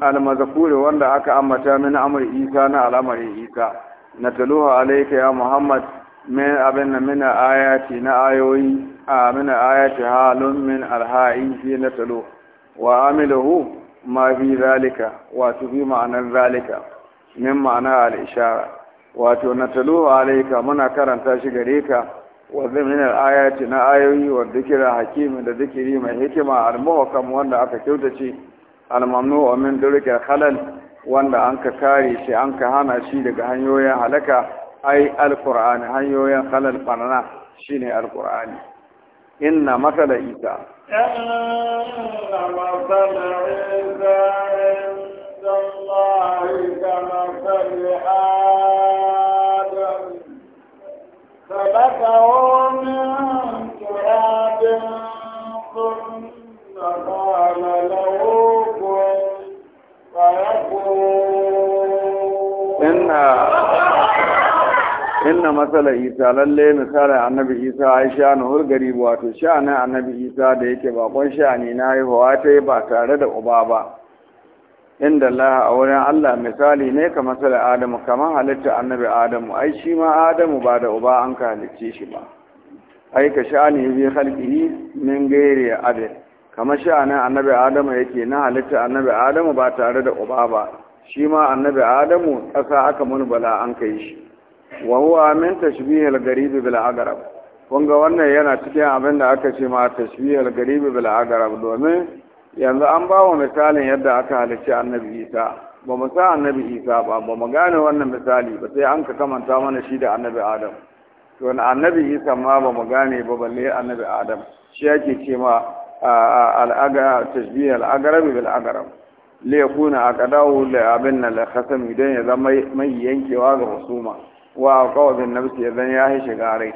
Speaker 1: almazakuri wanda aka ambata min amur isa na al'amarin isa nataluha alayka ya muhammad min abinna min ayati na ayoyi a min ayati halun min alha'i fi natalu wa amiluhu ma fi zalika wato fi ma'anar zalika min ma'ana al wato nataluhu alayka muna karanta shi gareka ka wa min ayati na ayoyi wa dhikra hakimi da zikiri mai hikima al-muhkam wanda aka kyautace al-mamnu min durkil khalal wanda an ka kare shi an ka hana shi daga hanyoyin halaka ai alkur'ani hanyoyin halal barna shine alkur'ani inna masala isa
Speaker 2: inna masala
Speaker 1: anna matsala isa lalle misalin annabi isa ai sha'anu hurgari wato sha'anin annabi isa da yake bakon sha'ani na haihuwa ta yi ba tare da uba ba inda Allah a wurin Allah misali ne ka matsala Adamu kamar halitta annabi Adamu ai shi ma Adamu ba da uba an ka halicce shi ba ai ka sha'ani bi khalqihi min ghairi abin kamar sha'anin annabi Adamu yake na halitta annabi Adamu ba tare da uba ba shi ma annabi Adamu ƙasa aka bala an kai shi wa huwa min tashbih al bil agrab kun ga wannan yana cikin abin da aka ce ma tashbih al bil agrab domin yanzu an ba wa misalin yadda aka halicci annabi isa ba mu sa annabi isa ba ba mu gane wannan misali ba sai an ka kamanta mana shi da annabi adam to annabi isa ma ba mu gane ba balle annabi adam shi yake ce ma al'agara tashbih al'agara bil kuna a kadawo da abin abinna da khasam idan ya zama mai yankewa ga husuma wa kawo bin nafsi idan ya yi shiga rai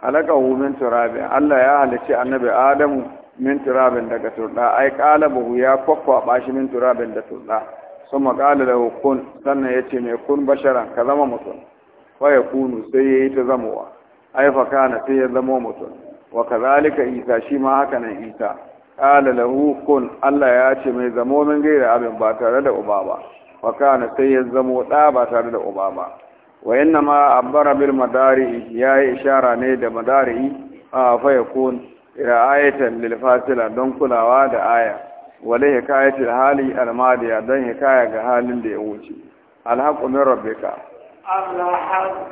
Speaker 1: halakahu min turabin Allah ya halicci annabi Adamu min turabin daga turda ai qalabahu ya kwakwaba shi min turabin da turda kuma qala da hukun, sannan yace mai kun basharan ka zama mutum fa kunu sai yayi ta zamowa ai fa kana sai ya zama mutum wa kazalika Isa shi ma haka nan Isa kala da kun Allah ya ce mai zamo min gaira abin ba tare da uba ba wa kana sai ya zamo da ba tare da uba ba wa ma abbara bil madari yi ishara ne da madari a fa yakun ra'ayatan lil fasila don kulawa da aya wala hikayati al hali al madiya don hikaya ga halin da ya wuce al haqqu min rabbika
Speaker 2: الحق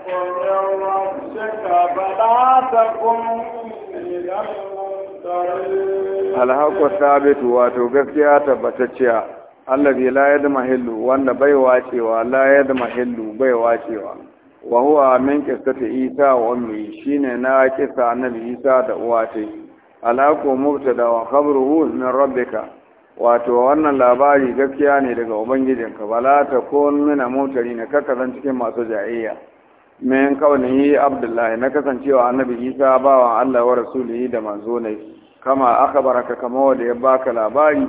Speaker 2: من ربك فلا تكن من الممترين الحق ثابت
Speaker 1: واتو gaskiya tabbatacciya allazi la yadmahillu wanda bai wacewa la yadmahillu bai wacewa wa huwa min qissati isa wa ummi shine na kisa annabi isa da uwa ta alaqu mubtada wa khabruhu min rabbika wato wannan labari gaskiya ne daga ubangijinka bala ta kun mina mutari na zan cikin masu jayayya min kaunihi abdullahi na kasancewa annabi isa bawan allah wa rasulihi da manzo ne kama akhbaraka baraka kama wanda ya baka labari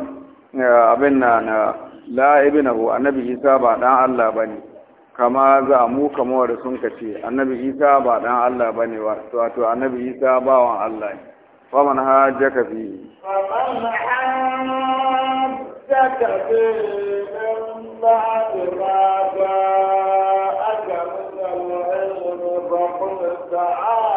Speaker 1: abin na na la ibnahu annabi isa ba dan Allah bane kama za mu kama da sun kace annabi isa ba dan Allah bane wato annabi isa ba wa Allah ne faman hajjaka fi
Speaker 2: faman hajjaka fi min ba'd ma ja'aka min al-ilm fa qul ta'ala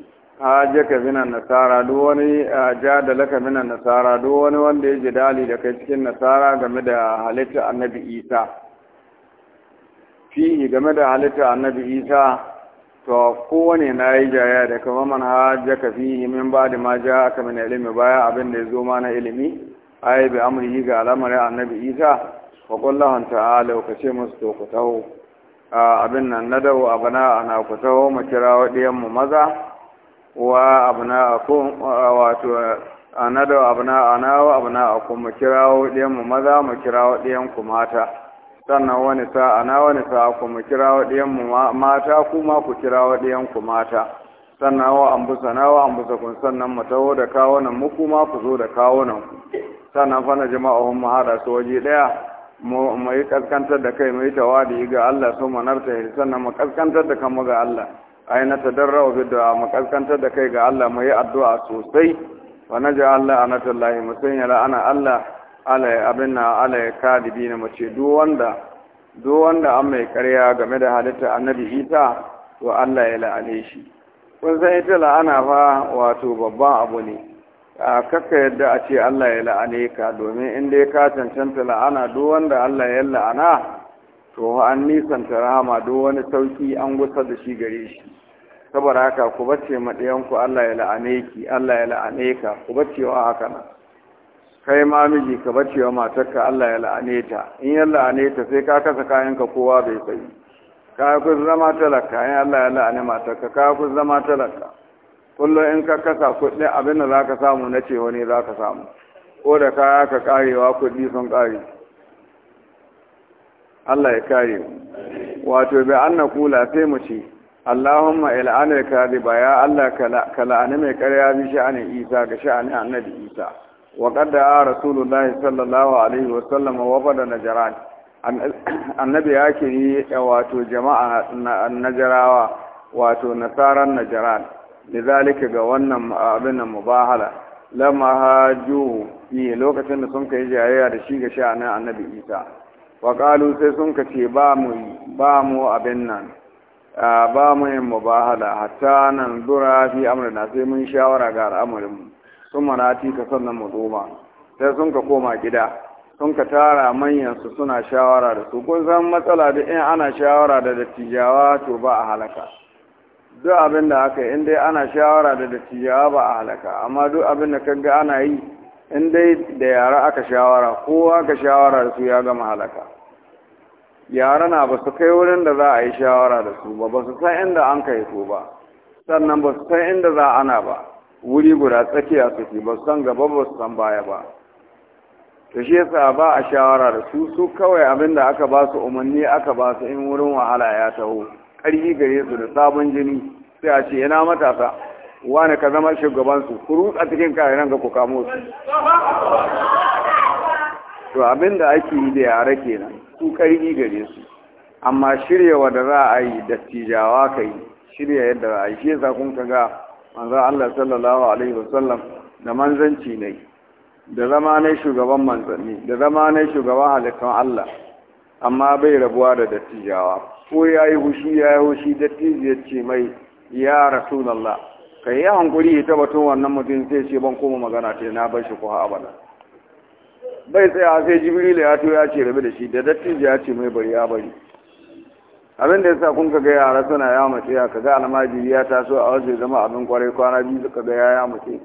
Speaker 1: hajjaka minan nasara duk wani ah, laka minan nasara duk wani wanda ya jidali da kai cikin nasara game da halitta annabi isa fihi game da halitta annabi isa to kowane na yi jaya da kama man hajjaka fihi min ba da ma ja aka min ilimi baya abin da ya zo ma na ilimi ai bi yi ga alamari annabi isa wa kullahu ta'ala ka ce musu to ku taho ah, abin nan na dawo abana ana ku taho mu kira wa mu maza wa abna akum wato anada abna ana wa abna akum mu kirawo ɗiyan mu maza mu kirawo ɗiyan ku mata sannan wani sa ana wani sa ku mu kirawo ɗiyan mu mata ku ma ku kirawo ɗiyan ku mata sannan wa ambusa na wa ambusa kun sannan mu tawo da nan mu kuma ku zo da kawunan ku sannan na jama'a mu hada su waje ɗaya mu yi kaskantar da kai mu yi tawadi ga Allah su manarta sannan mu kaskantar da kanmu ga Allah ai na tadarra wa du'a mu kaskantar da kai ga Allah mu yi addu'a sosai wa naja Allah Allah. mu sanya ana Allah ala abinna ala kadibina mu ce duk wanda duk wanda an mai ƙarya game da halitta annabi Isa to Allah ya la'ane shi kun san ita la'ana fa wato babban abu ne a kakka yadda a ce Allah ya la'ane ka domin in dai ka cancanta la'ana duk wanda Allah ya la'ana to an nisanta rahama duk wani sauki an gusa da shi gare shi saboda haka ku bace maɗiyanku Allah ya la'ane ki Allah ya la'ane ka ku bace wa haka nan kai ma miji ka bace wa matarka Allah ya la'ane ta in ya la'ane ta sai ka kasa kayan ka kowa bai sai ka ku zama talaka in Allah ya la'ane matarka ka ku zama talaka kullum in ka kasa kuɗi abin da zaka samu na ce wani zaka samu ko da ka ka karewa kuɗi sun kare Allah ya kare wato bai an na kula sai mu ce Allahumma il'anar kadiba ya Allah ka la'ani mai karya bi sha'anin Isa ga sha'anin annabi Isa wa qadda rasulullah sallallahu alaihi wa sallam wa bada najaran annabi ya kiri wato jama'a najarawa wato nasaran najaran lidhalika ga wannan abin mubahala lamma haju ni lokacin da sun yi jayayya da shi ga sha'anin annabi Isa wa qalu sai sun kace ba mu ba mu abin nan ba mu yin mubahala hatta nan zura fi amrina sai mun shawara ga al'amarinmu sun manati ka sannan mu tsoma sai sun ka koma gida sun ka tara manyan su suna shawara da su kun san matsala da in ana shawara da dattijawa to ba a halaka duk abin da aka in dai ana shawara da dattijawa ba a halaka amma duk abin da kaga ana yi in dai da yara aka shawara kowa ka shawara da su ya gama halaka na ba su kai wurin da za a yi shawara da su ba ba su san inda an kai su ba sannan ba su san inda za ana ba wuri guda tsakiya suke ba su san gaba ba su san baya ba ta shi yasa ba a shawara da su su kawai abin da aka ba su umarni aka ba su in wurin wahala ya taho ƙarfi gare su da sabon jini sai a ce yana matasa wani ka zama shugabansu ku rutsa cikin kayan ga ku kamo su to abin da ake yi da yare kenan su ƙarfi gare su amma shiryawa da za a yi da tijawa ka yi shirya yadda za a yi shi ka ga manzo Allah sallallahu alaihi wasallam da manzanci ne da zama shugaban manzanni da zama ne shugaban halittar Allah amma bai rabuwa da dattijawa ko ya yi hushi ya yi hushi dattijo ce mai ya rasulallah ka yi hankuri ta batun wannan mutum sai ce ban koma magana ce na bar shi ko abada bai tsaya sai jibril ya to ya ce rabe da shi da dattijo ya ce mai bari ya bari abin da yasa kun ka ga yara suna ya mace ya kaga almajiri ya taso a wajen zama abin kwarai kwana biyu suka ga ya ya mace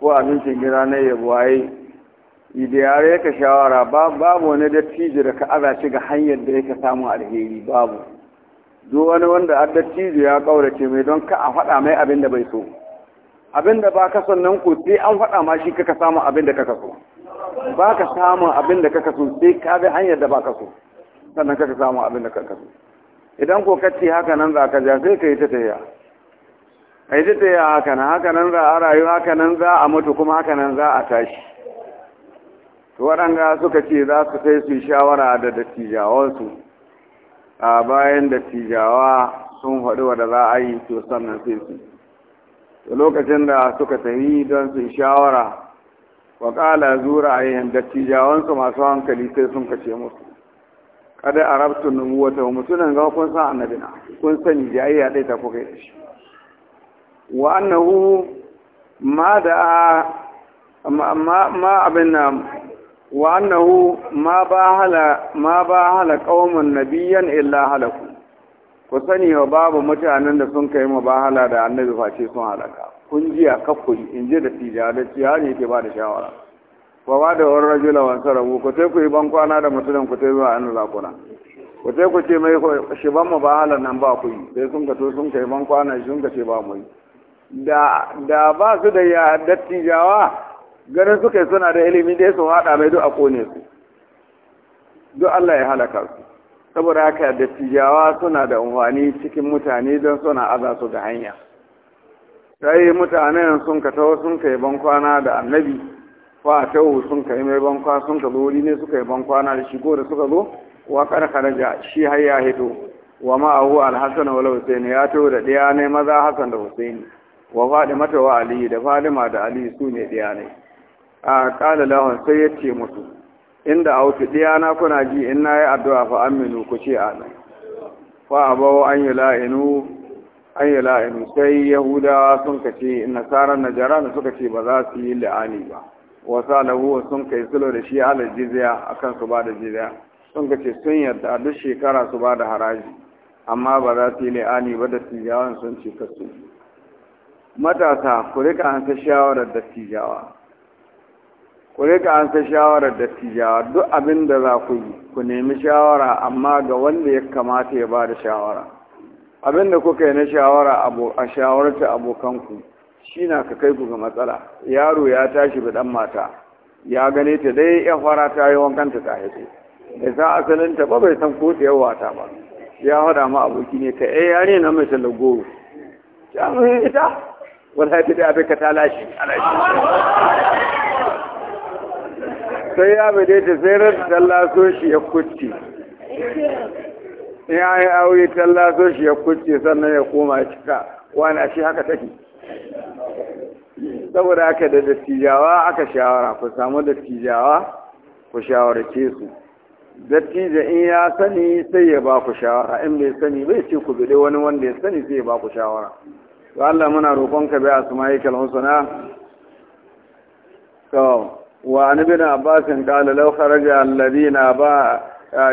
Speaker 1: ko abincin gida na yabo waye da yare yaka shawara babu wani dattijo da ka aza shi ga hanyar da yake samu alheri babu duk wani wanda a dattijo ya kaurace mai don ka a faɗa mai abin da bai so abin da ba ka son nan ko sai an faɗa ma shi kaka samu abin da kaka so ba ka samun abin da kaka so sai ka bi hanyar da ba ka so sannan kaka samun abin da kaka so idan ko kace haka nan za ka ja sai ka yi ta tayya a yi ta tayya haka nan haka nan za a rayu haka nan za a mutu kuma haka nan za a tashi waɗanda suka ce za su kai su shawara da dattijawansu a bayan dattijawa sun faɗi wadda za a yi to sannan sai su lokacin da suka tafi don su shawara wa ƙala zura a yin dattijawansu masu hankali sai sun kace musu kada a rabtun wata wa mutunan ga kun san na, kun sani da ayya ɗai ta kuka yi shi wa annahu ma da ma abin na wa annahu ma ba hala ma ba hala qauman nabiyyan illa halaku ku sani wa babu mutanen da sun kai mu ba hala da annabi face sun halaka kun jiya kakkuri in ji da tija da ciya ne yake ba da shawara wa ba da wani rajula wansa rabu ku sai ku yi ban kwana da mutumin ku sai zuwa an zakuna ku sai ku ce mai shi ban mu ba halar nan ba ku yi sai sun ka to sun ka yi ban kwana sun ka ce ba mu yi da da ba su da ya dattijawa ganin suka yi suna da ilimi dai sun haɗa mai duk a kone su duk Allah ya halaka su saboda haka dattijawa suna da unwani cikin mutane don suna aza su ga hanya sai mutanen sun ka tawo sun kai bankwana da annabi a tawo sun kai mai bankwa sun ka zo wuri ne suka yi bankwana da shigo da suka zo wa karkaraja shi har ya hito wa ma'ahu alhassan wal husaini ya tawo da ɗaya ne maza hassan da husaini wa mata wa ali da fadima da ali su ne ɗaya ne a ƙala lahon sai ya ce musu inda wuce ɗaya na kuna ji in na yi addu'a fa aminu ku ce a nan fa abawo an yi la'inu ayi la'ani sai yahudawa sun kace nasaran najara suka ce ba za su yi la'ani ba wasa lahu sun kai sulo da shi ala jizya akan su ba da jizya sun kace sun yarda duk shekara su ba da haraji amma ba za su yi la'ani ba da tijawan sun ce kasu matasa ku rika an ta shawarar da ku rika an shawarar duk abin da za ku yi ku nemi shawara amma ga wanda ya kamata ya ba da shawara abin da kuka yi na shawara a shawarta abokanku shi na ka kai ku ga matsala yaro ya tashi bi dan mata ya gane ta dai ya fara ta yi wankanta ta haife da sa asalin ta ba bai san ko ta yawa ta ba ya hada ma aboki ne ka eh yare na mai talago ta mun ita wallahi ta abin ka ta lashi sai ya bai dai ta sai ran tallaso shi ya kutti in ya yi aure tallaso shi ya kuce sannan ya koma cika wani a shi haka take saboda aka da dattijawa aka shawara ku samu dattijawa ku shawarce su dattija in ya sani sai ya ba ku shawara in bai sani bai ce ku bide wani wanda ya sani sai ya ba ku shawara to Allah muna roƙon ka bai asma'i kalmusuna to wa anbi na abbasin qala law kharaja alladhina ba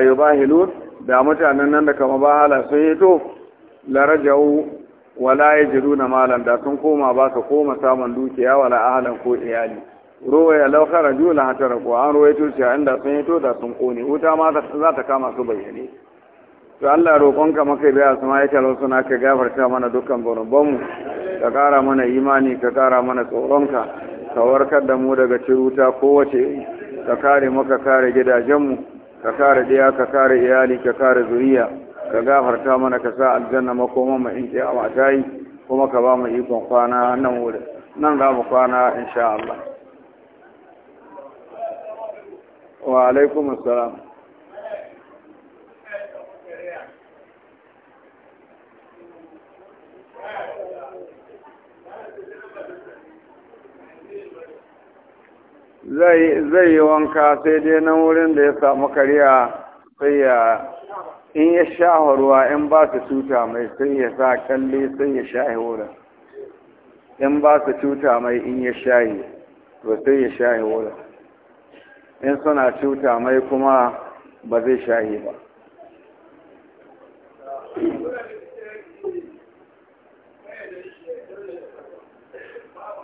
Speaker 1: yubahilun da mutanen nan da kama bahala sun to? larajau wala ya jiru na malam da sun koma ba su koma samun dukiya wala ahalan ko iyali ruwa ya laukara jula hatara ko an ruwa ya tuce inda sun yi to? da sun kone wuta ma za ta kama su bayyane to Allah roƙonka maka biya su ma'aikalar suna ka gafarta mana dukkan mu ka kara mana imani ka kara mana tsoronka ka warkar da mu daga ciruta kowace ka kare maka kare gidajen mu. ka kare ɗaya ka kare iyali ka kare zuriya ka gafarta mana ka sa aljanna makoma mu in kiyama ta yi kuma ka ba mu ikon kwana nan wurin nan za mu kwana insha Allah wa alaikum assalam zai yi wanka sai dai nan wurin da ya samu kariya sai ya in ya sha ruwa in ba su cuta mai sai ya sa kalli sai ya sha wurin in ba su cuta mai in ya sha yi to sai ya sha wurin in suna cuta mai kuma ba zai sha ba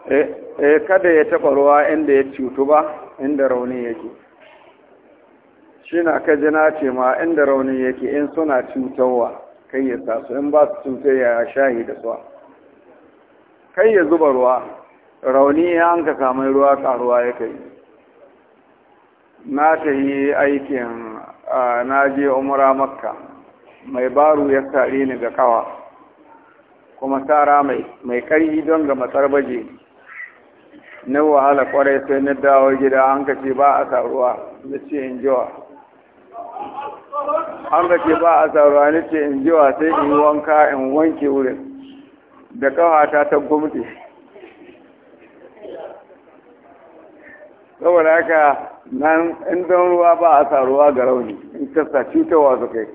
Speaker 1: eh eh kada ya taɓa ruwa inda ya cutu ba inda rauni yake shi na ka jina ce ma inda rauni yake in suna cutarwa kai ya sa su in ba su cutar ya shahi da suwa kai ya zuba ruwa rauni ya an ka samu ruwa karuwa ya kai na ta yi aikin na je umra makka mai baro ya sare ni ga kawa kuma sara mai mai don ga matsar baje na wahala kwarai sai na dawo gida an kace ba a saruwa na ce in jiwa an kace ba a saruwa na ce in jiwa sai in wanka in wanke wurin da kawata ta gumte saboda haka nan in don ruwa ba a saruwa ga rauni in kasa cutarwa su kai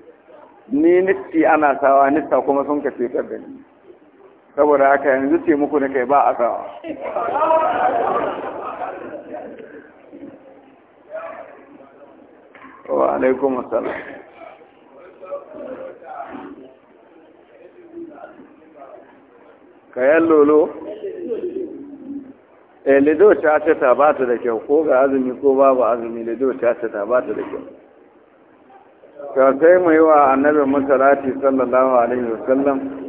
Speaker 1: ni nitti ana sawa nitta kuma sun kace ta da saboda haka yanzu ce muku na kai ba a sawa wa alaikum assalam kayan lolo eh lido ta ce ta ba ta da kyau ko ga azumi ko babu azumi lido ta ce ta ba ta da kyau ka sai mu yi wa annabin masarati sallallahu alaihi wasallam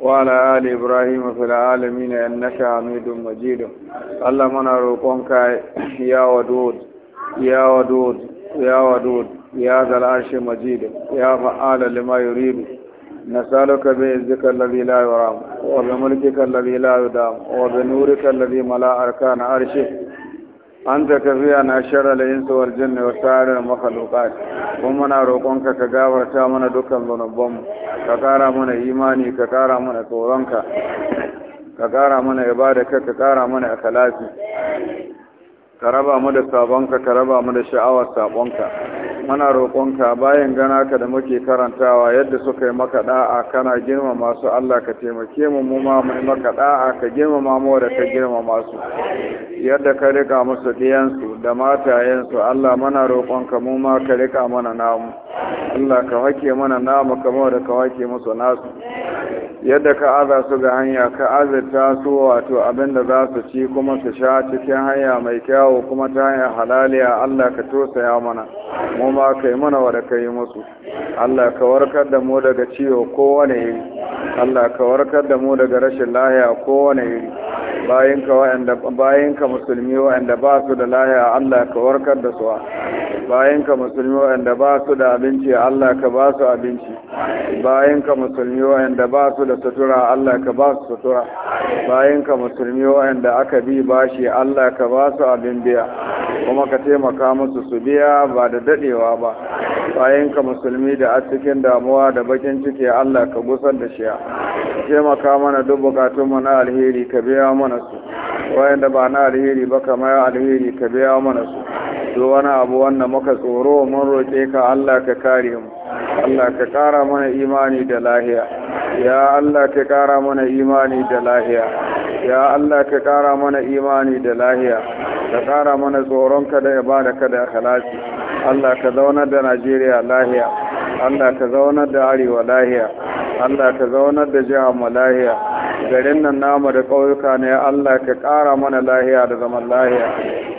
Speaker 1: wala ali ibrahima fi lalamina innaka hamidun majid allah mana roƙonka ya wadud ya wadud ya wadud ya zal arshi majid ya fa'ala lima yuridu nasaluka bi izzika alladhi la yuram wa bi mulkika alladhi la yudam wa bi nurika alladhi mala arkana arshi an ta tafiya na sharar layinsu wal jinni wa tsarin makhlukat kuma muna roƙonka ka gafarta mana dukkan zunubanmu ka ƙara mana imani ka ƙara mana tsoronka ka ƙara mana ibada ka ƙara mana akalafi ka raba mu da sabonka ka raba mu da sha'awar sabonka muna roƙonka bayan gana ka da muke karantawa yadda suka yi maka da'a kana girmama su Allah ka taimake mu mu ma mu maka da'a ka girmama mu da ka girmama su yadda ka rika musu diyansu da matayensu Allah muna roƙonka mu ma ka rika mana namu Allah ka wake mana namu kamar da ka wake musu nasu yadda ka aza su ga hanya ka azurta su wato abinda za su ci kuma su sha cikin hanya mai kyau yawo kuma ta hanyar halaliya Allah ka tosaya mana mu ma ka yi mana wada ka yi musu Allah ka warkar da mu daga ciwo kowane iri Allah ka warkar da mu daga rashin lahiya kowane iri bayinka wa'anda bayinka musulmi wa'anda ba su da lahiya Allah ka warkar da su bayinka musulmi wa'anda ba su da abinci Allah ka ba su abinci bayinka musulmi wa'anda ba su da sutura Allah ka ba su sutura bayinka musulmi wa'anda aka bi bashi Allah ka ba su abinci wajen biya kuma ka taimaka musu su biya ba da dadewa ba bayan ka musulmi da a cikin damuwa da bakin ciki Allah ka gusar da shiya taimaka mana duk bukatun mu na alheri ka biya mana su wayanda ba na alheri ba kamar alheri ka biya mana su to wani abu wanda muka tsoro mun roƙe ka Allah ka kare mu Allah ka kara mana imani da lahiya ya Allah ka kara mana imani da lahiya ya Allah ka kara mana imani da lahiya ka ƙara mana tsoron tsoronka da ibadaka da ikhlasi Allah ka zaunar da Najeriya lahiya Allah ka zaunar da Arewa lahiya Allah ka zaunar da jihar Malahiya. garin nan namu da ƙauyuka ne Allah ka ƙara mana lahiya da zaman lahiya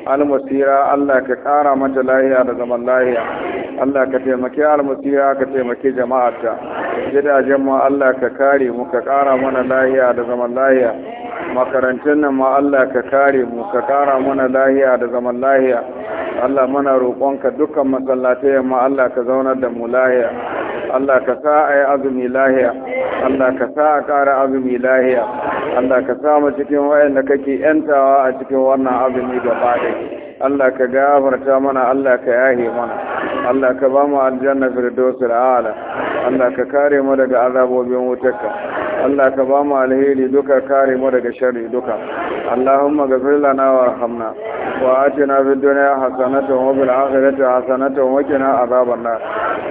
Speaker 1: almasira Allah ka ƙara mata lahiya da zaman lahiya Allah ka taimaki almasira ka taimaki jama'arta gidajen mu Allah ka kare mu ka ƙara mana lahiya da zaman lahiya makarantun nan ma Allah ka kare mu ka ƙara mana lahiya da zaman lahiya Allah muna roƙonka dukkan masallatai yamma Allah ka zaunar da mu lahiya Allah ka sa a yi azumi lahiya Allah ka sa a ƙara azumi lahiya Allah ka sa mu cikin wayan da kake yantawa a cikin wannan azumi gaba ɗaya Allah ka gafarta mana Allah ka yahe mana Allah ka ba mu aljanna firdausul a'la Allah ka kare mu daga azabobin wutarka Allah ka ba mu alheri duka kare mu daga sharri duka Allahumma ghfir lana warhamna wa atina fid dunya hasanatan wa fil akhirati hasanatan wa qina azaban nar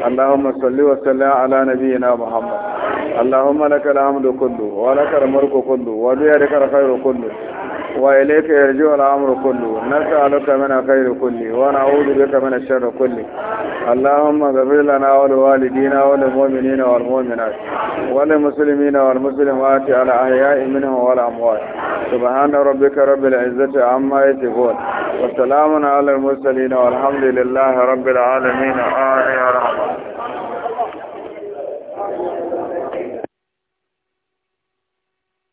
Speaker 1: Allahumma salli wa sallim ala nabiyyina Muhammad Allahumma kullu wa lakal mulku kullu wa كله وبيدك الخير kullu وإليك يرجع الأمر كله نسألك من الخير كله ونعوذ بك من الشر كله اللهم اغفر لنا ولوالدينا وللمؤمنين والمؤمنات وللمسلمين والمسلمات على أحياء منهم والأموات سبحان ربك رب العزة عما يصفون وسلام على المرسلين والحمد لله رب العالمين آمين يا رب